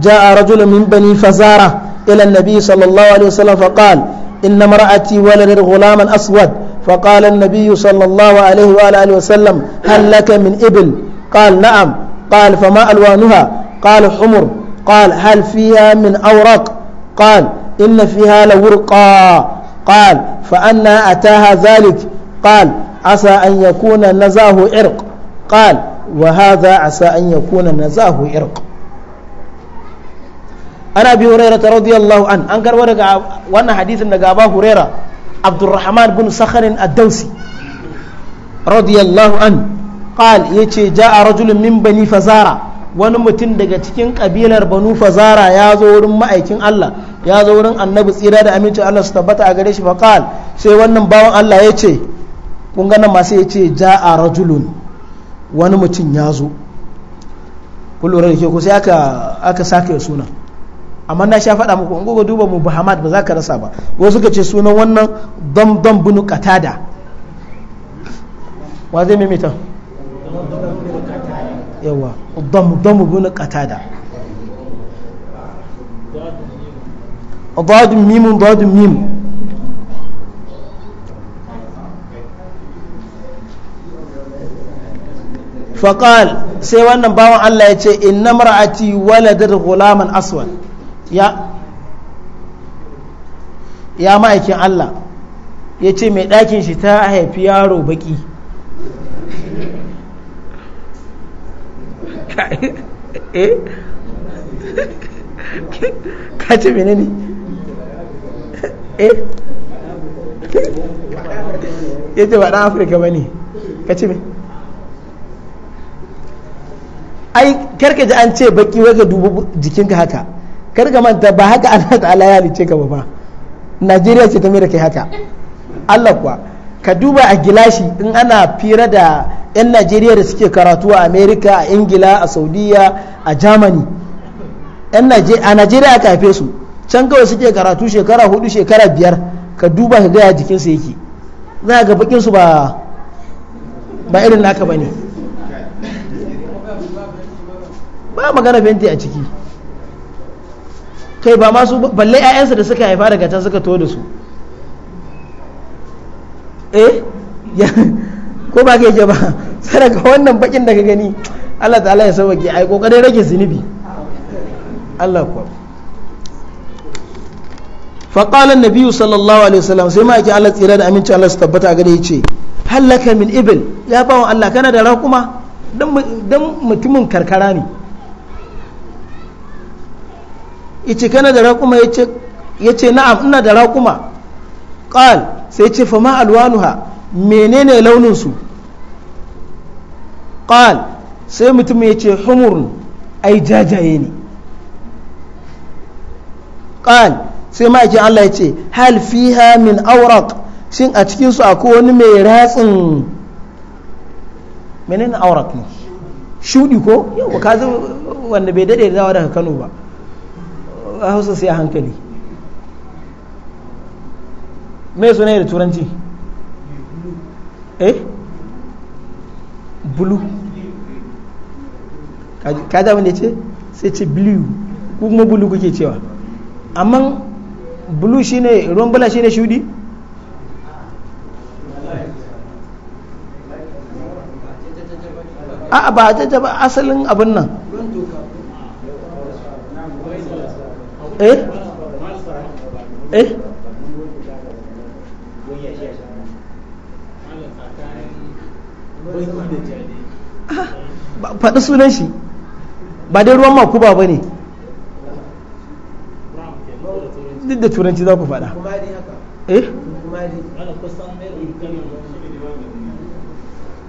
ja a رجل من bani فزارة إلى النبي صلى الله عليه وسلم فقال إن امرأتي ولد غلاما أسود فقال النبي صلى الله عليه وآله وسلم هل لك من إبل قال نعم قال فما ألوانها قال حمر قال هل فيها من أورق قال إن فيها لورقا قال فأنا أتاها ذلك قال عسى أن يكون نزاه عرق قال وهذا عسى أن يكون نزاه عرق ana bi hurairah radiyallahu an an karbo daga wannan hadisin daga Abu Hurairah Abdurrahman bin sakharin ad-Dawsi radiyallahu an ce yace ja'a rajulun min bani fazara wani mutum daga cikin kabilar banu fazara ya zo wurin ma'aikin Allah ya zo wurin annabi tsira da aminci Allah su tabbata a gare shi fa qal sai wannan bawan Allah yace kun ga nan ya ce yace a rajulun wani mutum ya zo kun da ke kusa sai aka sake suna. amma na sha faɗa muku in kuka duba mu Muhammad ba za ka rasa ba wasu suka ce sunan wannan damdam bin qatada wa zai mimita yawa damdam bin qatada ضاد ميم ضاد ميم فقال sai wannan bawan Allah ya yace inna mar'ati waladat ghulaman aswad ya ma'aikin Allah ya ce mai ɗakin shi ta haifi yaro baki eh? ka ce mene ne eh? ya ce ba ɗan afirka ba ne ka ce mai ai karka ji an ce baki waga dubu jikinka haka kar ka manta ba haka Allah ta'ala ya halice ka ba Najeriya ce ta mai kai haka Allah kuwa ka duba a gilashi in ana fira da 'yan Najeriya da suke karatu a Amerika a Ingila a Saudiya a Germany a Najeriya aka haife su can kawai suke karatu shekara hudu shekara biyar ka duba ka gaya jikinsu yake za ga bakinsu ba ba irin naka ba ne ba magana fenti a ciki kai ba masu balle 'ya'yansa da suka haifa daga can suka to da su eh ko ba ke ba sadaka wannan bakin daga gani Allah ta'ala ya a yi kokarin rage zunubi Allah kuwa faƙalar biyu sallallahu alaihi wasallam sai ake Allah tsira da aminci Allah su tabbata gada ya ce hallaka min ibil ya bawa Allah kana da rakuma don mutumin karkara ne ce kana da raƙuma ce na'am ina da raƙuma ƙal sai ce fa ma alwanuha menene launin su sai mutum ya ce humurun ai jajaye ne ƙal sai ma'aikin Allah ya ce hal fiha min awraq shin a cikinsu a akwai wani mai ratsin menene awraq ne shudi ko yau ka wanda bai daɗe da dawa daga Kano ba hausa sai a hankali me suna da turanci eh blue kaji abin da ce sai ce blue ko kuma blue kuke cewa amma blue shine ruwan bula shine shudi a ba a ba asalin abin nan eh eh ah, faɗi sunan shi ba dai ruwan makuba ba ne duk da turanci za ku faɗa eh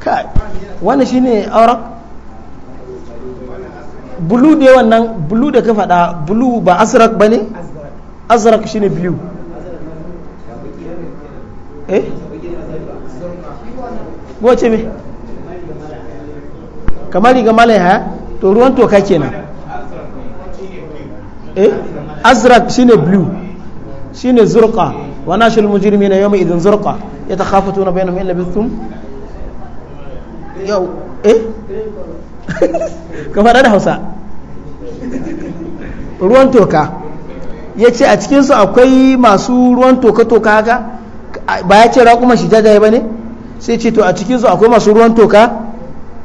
kai shi ne aurak bulu da yawan nan bulu da ka faɗa bulu ba azrak ba ne azrak shine blue eh wace me kamar riga malaya to ruwan toka kenan eh azrak shine blue shine zurqa wa nashil mujrimina yawma idin zurqa yatakhafatuna bainahum illa bithum yau eh ka faɗa da hausa ruwan toka ya ce a cikinsu akwai masu ruwan toka-toka haka ba ya ce raƙuma shi jajaye ba ne sai ce to a cikinsu akwai masu ruwan toka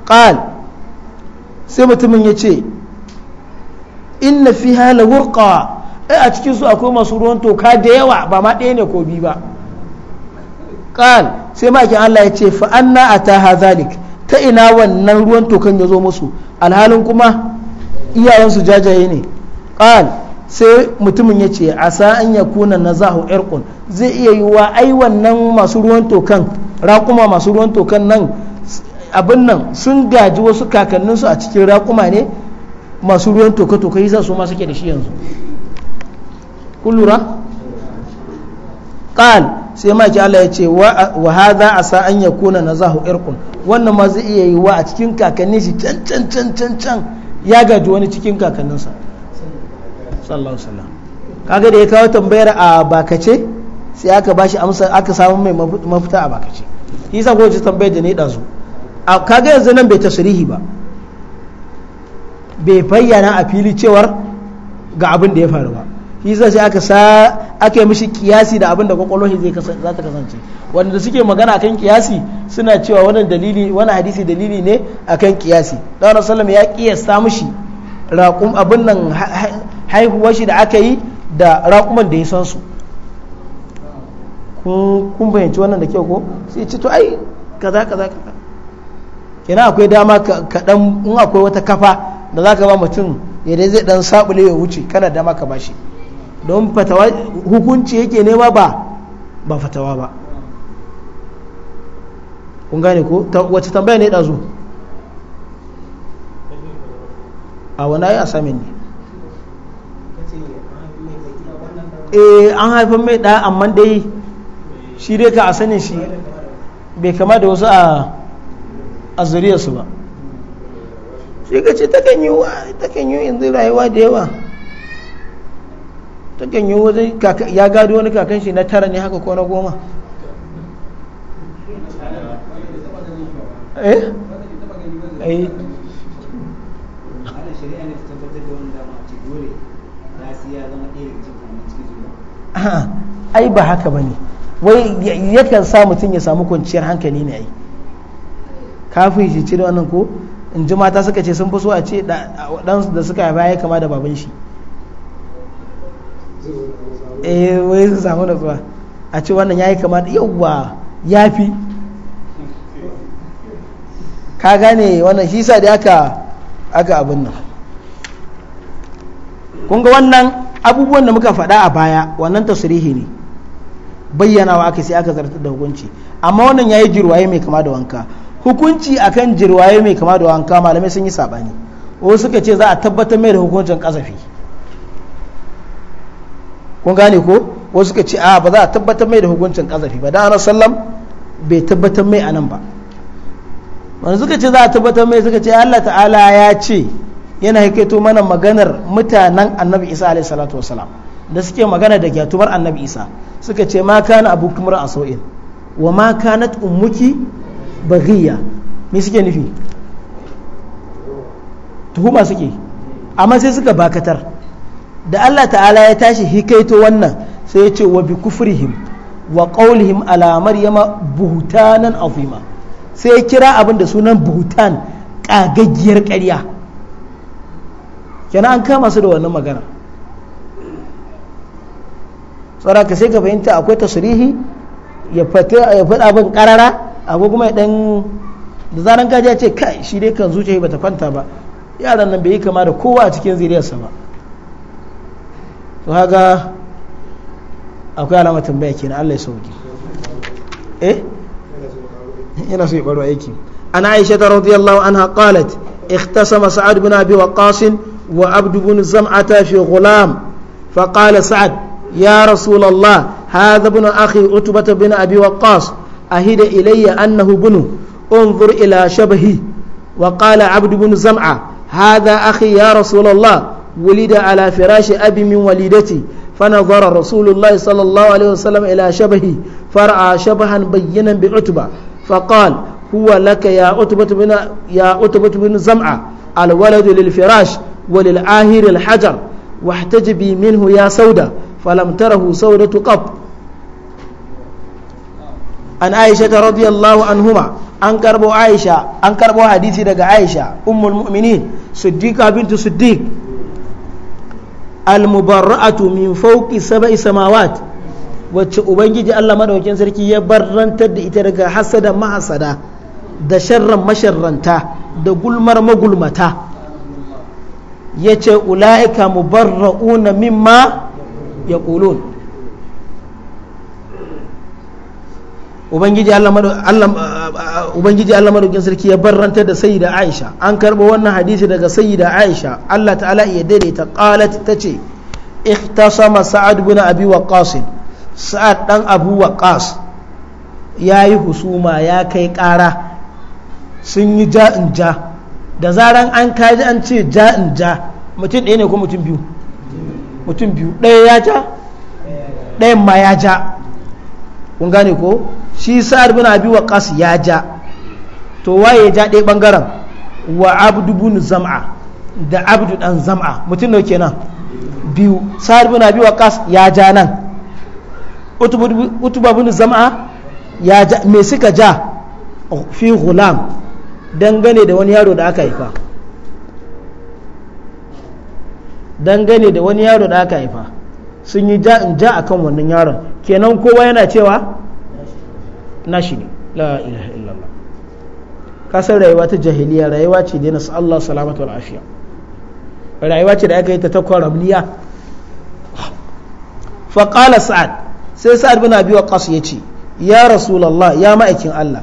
ƙal sai mutumin ya ce inna fi hala wurkawa ai eh, a cikinsu akwai masu ruwan toka da yawa ba ma ɗaya ne ko biyu ba ƙal sai ma'aikin allah ya ce fa'anna a ta ha zalik ta ina wannan ruwan tokan ya zo musu alhalin kuma iyayensu jajaye ne qal sai mutumin ya ce asa an ya kuna na zahu irkun zai iya yi wa ai wannan masu ruwan tokan raƙuma masu ruwan tokan nan abin nan sun gaji wasu kakanninsu a cikin raƙuma ne masu ruwan toka-toka yi su ma suke da shi yanzu kullura ƙal sai maki Allah ya ce wa haza asa an ya kuna na zahu irkun wannan ma zai iya yiwuwa a cikin kakannin shi can can can can can ya gaji wani cikin kakanninsa sallallahu sallam kaga da ya kawo tambayar a bakace sai aka bashi amsa aka samu mai mafita a bakace shi yasa kowace tambayar da ne dazu kaga yanzu nan bai tasirihi ba bai bayyana a fili cewar ga abin da ya faru ba yasa sai aka sa aka yi mishi kiyasi da abin da kwakwalwar zai za ta kasance wanda suke magana akan kiyasi suna cewa wannan dalili wannan hadisi dalili ne akan kiyasi dan sallam ya kiyasta mishi raqum abin nan haihuwar shi da aka yi da raquman da ya san su kun bayanci wannan da kyau ko sai ce to ai kaza kaza kaza kina akwai dama kaɗan in akwai wata kafa da za ka ba mutum ya dai zai dan sabule ya wuce kana dama ka bashi don fatawa hukunci yake nema ba ba fatawa ba kun gane ko wacce tambaya ne ɗazu a wani ayi asamin ne eh an haifar mai ɗaya amma dai shi dai ka a sanin shi bai kama da wasu a zuriyarsu ba shi ka ce takan yi yanzu rayuwa da yawa ta ganyo wani ya gado wani kakan shi na tara ne haka ko na goma eh? Eh. ai ba haka ba ne wai yakan sa mutum ya samu kwanciyar hankali ne ai kafin shi cire wannan ko in ji mata suka ce sun fi so a ce da suka haifa ya kama da baban shi eh a ce wannan yi kama da ka gane wannan shi sa aka aka abin nan kun ga wannan abubuwan da muka faɗa a baya wannan tasirihi ne bayyanawa aka sai aka zartar da hukunci amma wannan ya yi jirwaye mai kama da wanka hukunci akan jirwaye mai kama da wanka malamai sun yi saɓani wasu suka ce za a tabbatar mai da hukuncin kasafi kun gane ko wasu suka ce a ba za a tabbatar mai da hukuncin kazafi ba dan sallam bai tabbatar mai anan ba wanda suka ce za a tabbatar mai suka ce Allah ta'ala ya ce yana haikaito mana maganar mutanen annabi isa alaihi salatu wasalam da suke magana da gyatumar annabi isa suka ce ma kana abu kumar a sau'in wa ma kanat ummuki bagiya. me suke nufi tuhuma suke amma sai suka bakatar da Allah ta'ala ya tashi hikaito wannan sai ya ce wa bi kufrihim wa qawlihim ala maryama buhtanan azima sai ya kira abin da sunan buhtan kagaggiyar ƙarya kenan an kama su da wannan magana ka sai ka fahimta akwai tasrihi ya fada abin karara abu kuma ya da zaran kaji ya ce kai shi dai kan zuciya ba ta kwanta ba yaran nan bai yi kama da kowa a cikin zuriyarsa ba kaga akwai alamatin bai kenan na ya sauke eh yana so ya baro aiki an aisha ta radiyallahu anha qalat ikhtasama sa'ad bin abi waqas wa abd bin zam'ata fi gulam fa sa'ad ya rasul allah hadha bin akhi utbata bin abi waqas ahida ilayya annahu bunu انظر إلى شبهي وقال عبد بن زمعة هذا أخي ya رسول الله ولد على فراش أبي من والدتي فنظر رسول الله صلى الله عليه وسلم إلى شبهه فرأى شبها بينا بعتبة فقال هو لك يا عتبة بن يا عتبة بن زمعة الولد للفراش وللآهر الحجر واحتجبي منه يا سودة فلم تره سودة قط an aisha ta radiyallahu anhuma an karbo aisha an karbo hadisi daga aisha ummul mu'minin siddiqa bintu siddiq almubarra'atu min fawqi sab'i samawat wacce ubangiji Allah madaukakin sarki ya barrantar da ita daga hasada mahasada da sharran masharranta da gulmar magulmata yace ula'ika mubarra'una mimma yaqulun ubangiji Allah ubangiji Allah madaukin sarki ya barranta da sayyida Aisha an karɓo wannan hadisi daga sayyida Aisha Allah ta'ala ya daidaita qalat tace ikhtasama sa'ad ibn abi waqqas sa'ad dan abu waqqas yayi husuma ya kai ƙara sun yi ja in ja da zaran an kaji an ce ja in ja mutum ɗaya ne ko mutum biyu mutum biyu ɗaya ya ja ɗayan ma ya ja kun gane ko shi sa'ad bin abi waqas ya ja to waye ya ja ɗaya bangaren wa abdu bin zam'a da abdu dan zam'a mutum ne kenan biyu sa'ad bin abi waqas ya ja nan utuba bin zam'a ya ja me suka ja fi gulam dangane da wani yaro da aka haifa dangane da wani yaro da aka haifa sun yi ja in ja akan wannan yaron kenan kowa yana cewa nashi ne la ilaha illallah san rayuwa ta jahiliya rayuwa ce da nasu Allah salamatu wal afiya rayuwa ce da aka yi ta ta kwaramniya fa qala sa'ad sai sa'ad bin abi waqas yace ya rasulullah ya ma'aikin Allah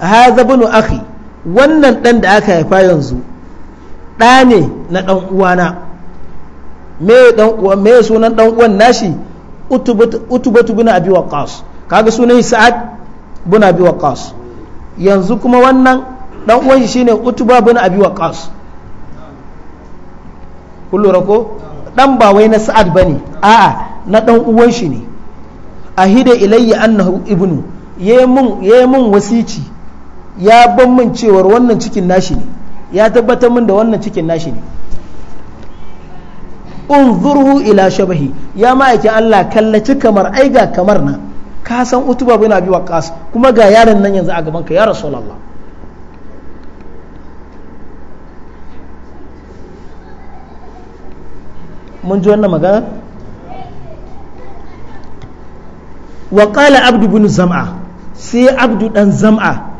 hadha bunu akhi wannan dan da aka haifa yanzu ɗa ne na dan uwana me sunan dan uwan nashi utubatu bin abi waqas kaga sunan sa'ad bin abi waqas yanzu kuma wannan dan uwan shi shine utuba bin abi waqas kun lura ko dan ba wai na sa'ad bane a'a na dan uwan shi ne ahida ilayya annahu ibnu yayi mun mun wasici ya ban min cewar wannan cikin nashi ne ya tabbatar min da wannan cikin nashi ne unzurhu ila shabahi ya ma'aikin Allah kallaci kamar aiga kamar na ka san utuba bin abi waqas kuma ga yaron nan yanzu a gaban ka ya rasulullah mun ji wannan magana wa qala abdu bin zam'a sai abdu dan zam'a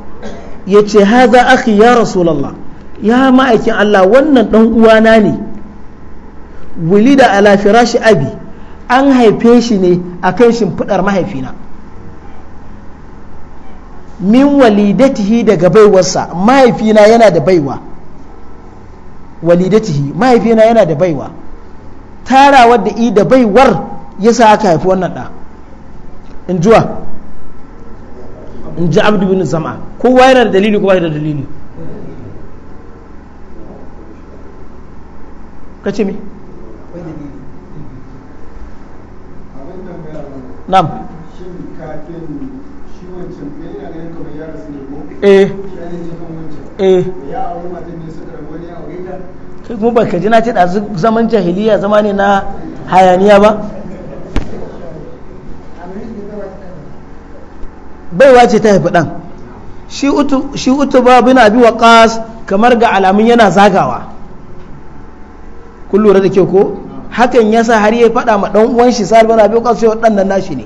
yace haza akhi ya rasulullah ya ma'aikin Allah wannan dan uwana ne da ala firashi abi an haife shi ne a akan shimfidar mahaifina min walidatihi daga baiwarsa mahaifina yana da baiwa walidatihi mahaifina yana da baiwa tarawar da i da baiwar sa aka haifi wannan ɗa in juwa in ji abdu bin zama kowa yana da dalili kowa yana da dalili ka ce mi nam shi kafin shi wancan eh eh, eh. kai kuma baka ji na ce da zaman jahiliya zama ne na hayaniya ba baiwa ce ta haifi ɗan shi utu ba bin abi kamar ga alamun yana zagawa kullum lura da kyau ko hakan sa har ya faɗa ma ɗan uwan shi sa'ad bin abi waqas yau ɗan nan nashi ne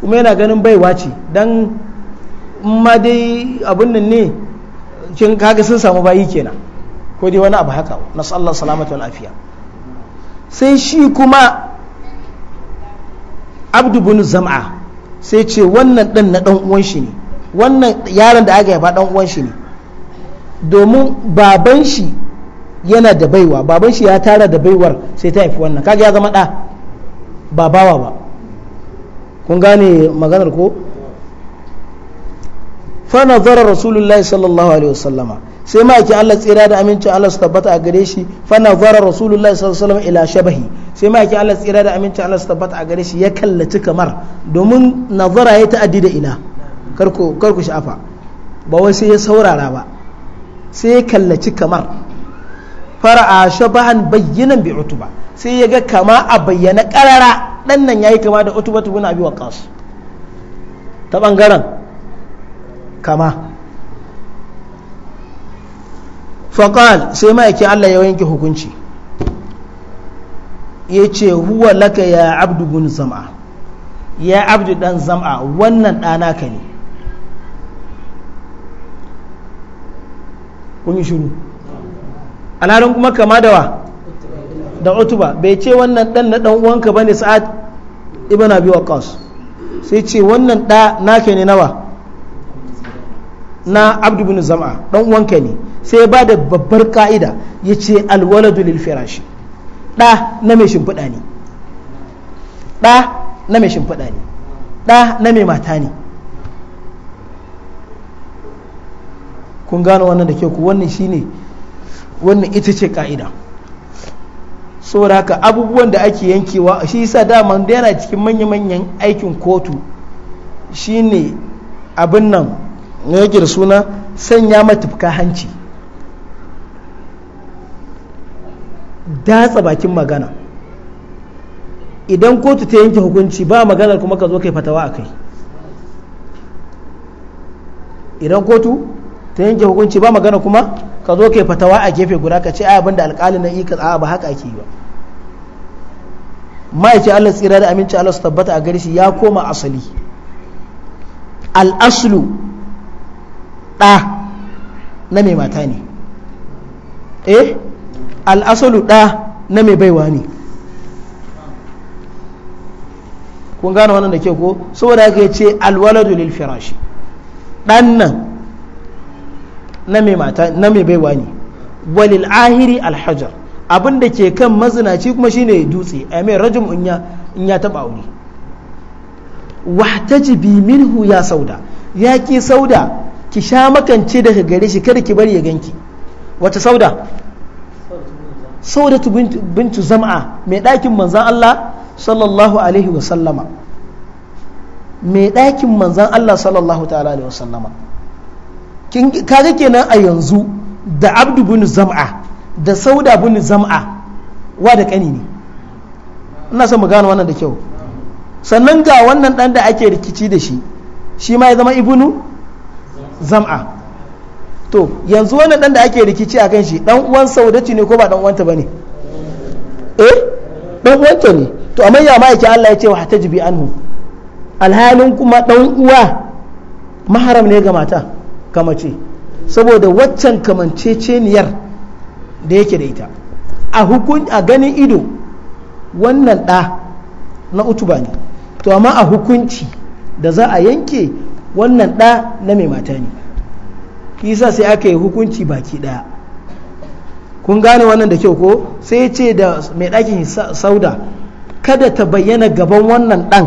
kuma yana ganin baiwa ce dan ma dai abin ne kin kaga sun samu bayi kenan ko dai wani abu haka na sallar salamatu lafiya sai shi kuma abdu bin zam'a sai ce wannan ɗan na ɗan uwan shi ne wannan yaron da aka yaba ɗan uwan shi ne domin baban shi yana da baiwa baban shi ya tara da baiwar sai ta haifi wannan kaga ya zama ɗa ba bawa ba kun gane maganar ko fana zara rasulullahi sallallahu alaihi wasallama sai ma ake Allah tsira da amincin Allah su tabbata a gare shi fana zara rasulullahi sallallahu alaihi wasallama ila shabahi sai ma ake Allah tsira da amincin Allah su tabbata a gare shi ya kallaci kamar domin nazara ya ta'addi da ina karku karku sha'afa ba wai sai ya saurara ba sai ya kallaci kamar fara'a shabahan bayyanan bi utuba sai ya ga kama a bayyana karara dan nan yayi kama da utuba tubuna abi waqas ta bangaren kama faƙal sai ma'aikin Allah ya yanke hukunci ya ce huwa laka ya abdu bin zama ya abdu dan zama wannan ɗana ka ne kun yi shuru alharin kuma kama da wa da utuba bai ce wannan ɗan na ɗan uwanka ba ne sa'ad ibn abi waqas sai ce wannan ɗa naka ne nawa na abdu bin zama dan wanka ne sai ba da babbar ka'ida ya ce alwaladu lil firashi ɗa na mai shimfiɗa ne ɗa na mai shimfiɗa ne ɗa na mai mata ne kun gano wannan da kyau ku wannan shine wannan ita ce ka'ida saboda haka abubuwan da ake yankewa shi yasa dama da yana cikin manya-manyan aikin kotu shine abin nan ne yake da suna sanya matufka hanci datsa bakin magana idan kotu ta yanke hukunci ba maganar kuma ka zo kai fatawa a kai idan kotu ta yanke hukunci ba magana kuma ka zo kai fatawa a gefe guda ka ce ayyabin da alkali na ika a ba haka ake yi ba ma'aikin Allah tsira da aminci Allah su tabbata a gari ya koma asali al-aslu ɗa na mai mata ne eh al'asalu ɗa na mai baiwa ne kun gane wannan da ke ko saboda aka ce alwaladu lil firashi ɗan nan na mai mata na mai baiwa ne walil ahiri alhajar abin da ke kan mazinaci kuma shine dutse a mai unya in ya taɓa aure wahtaji tajibi minhu ya sauda ya ki sauda ki sha makance daga gare shi kada ki bari ya ganki wata sauda sauda bintu zam'a mai ɗakin manzan Allah sallallahu alaihi wa sallama mai ɗakin manzan Allah sallallahu ta'ala alaihi wa sallama kaga kenan a yanzu da abdu bin zam'a da sauda bin zam'a wa da ƙani ne ina son mu gano wannan da kyau sannan ga wannan ɗan da ake rikici da shi shi ma ya zama ibnu zam'a to yanzu wannan dan da ake rikici a kan shi dan uwan saudaci ne ko ba dan uwanta bane eh dan uwanta ne to amma ya ma'aiki Allah ya ce wa hatajibi anhu alhalin kuma dan uwa maharam ne ga mata kamace saboda waccan kamanceceniyar da yake da ita a hukun a ganin ido wannan da na utuba ne to amma a hukunci da za a yanke wannan ɗa na mai mata ne kisa sai aka yi hukunci baki ɗaya kun gane wannan da kyau ko sai ce da mai ɗakin sauda kada ta bayyana gaban wannan ɗan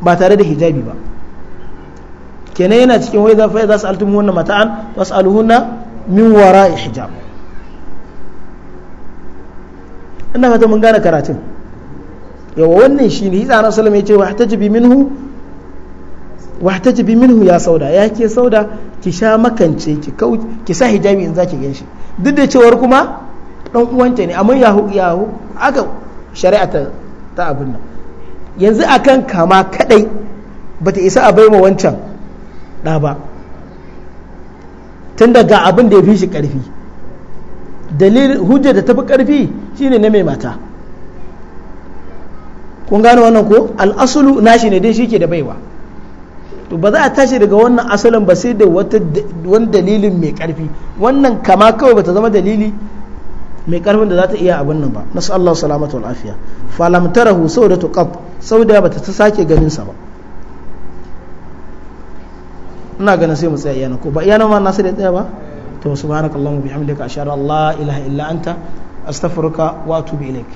ba tare da hijabi ba kenan yana cikin wai zafi za su altumu wannan ba wasu alhuna min wara hijab ina fata mun gane karatun yawa wannan shi ne yi salama ya ce wa ta jibi minhu wa ta jibi minhu ya sauda ya ke sauda ki sha makance ki kau ki sa hijabi in zaki ganshi duk da cewar kuma dan uwanta ne amma yahu yahu aka shari'a ta abin nan yanzu akan kama kadai bata isa a baiwa wancan da ba tun daga abin da ya fi shi karfi dalil hujja da tafi karfi shine na mai mata kun gane wannan ko al'asulu nashi ne dai shi ke da baiwa to ba za a tashi daga wannan asalin ba sai da wani dalilin mai karfi wannan kama kawai ba ta zama dalili mai karfin da za ta iya abin nan ba nasu Allah salamatu wal afiya falam tarahu sauda tuqab da bata ta sake ganin sa ba ina ganin sai mu tsaya yana ko ba iyana ma nasu da tsaya ba to wa bihamdika ashhadu an la ilaha illa anta astaghfiruka wa atubu ilaik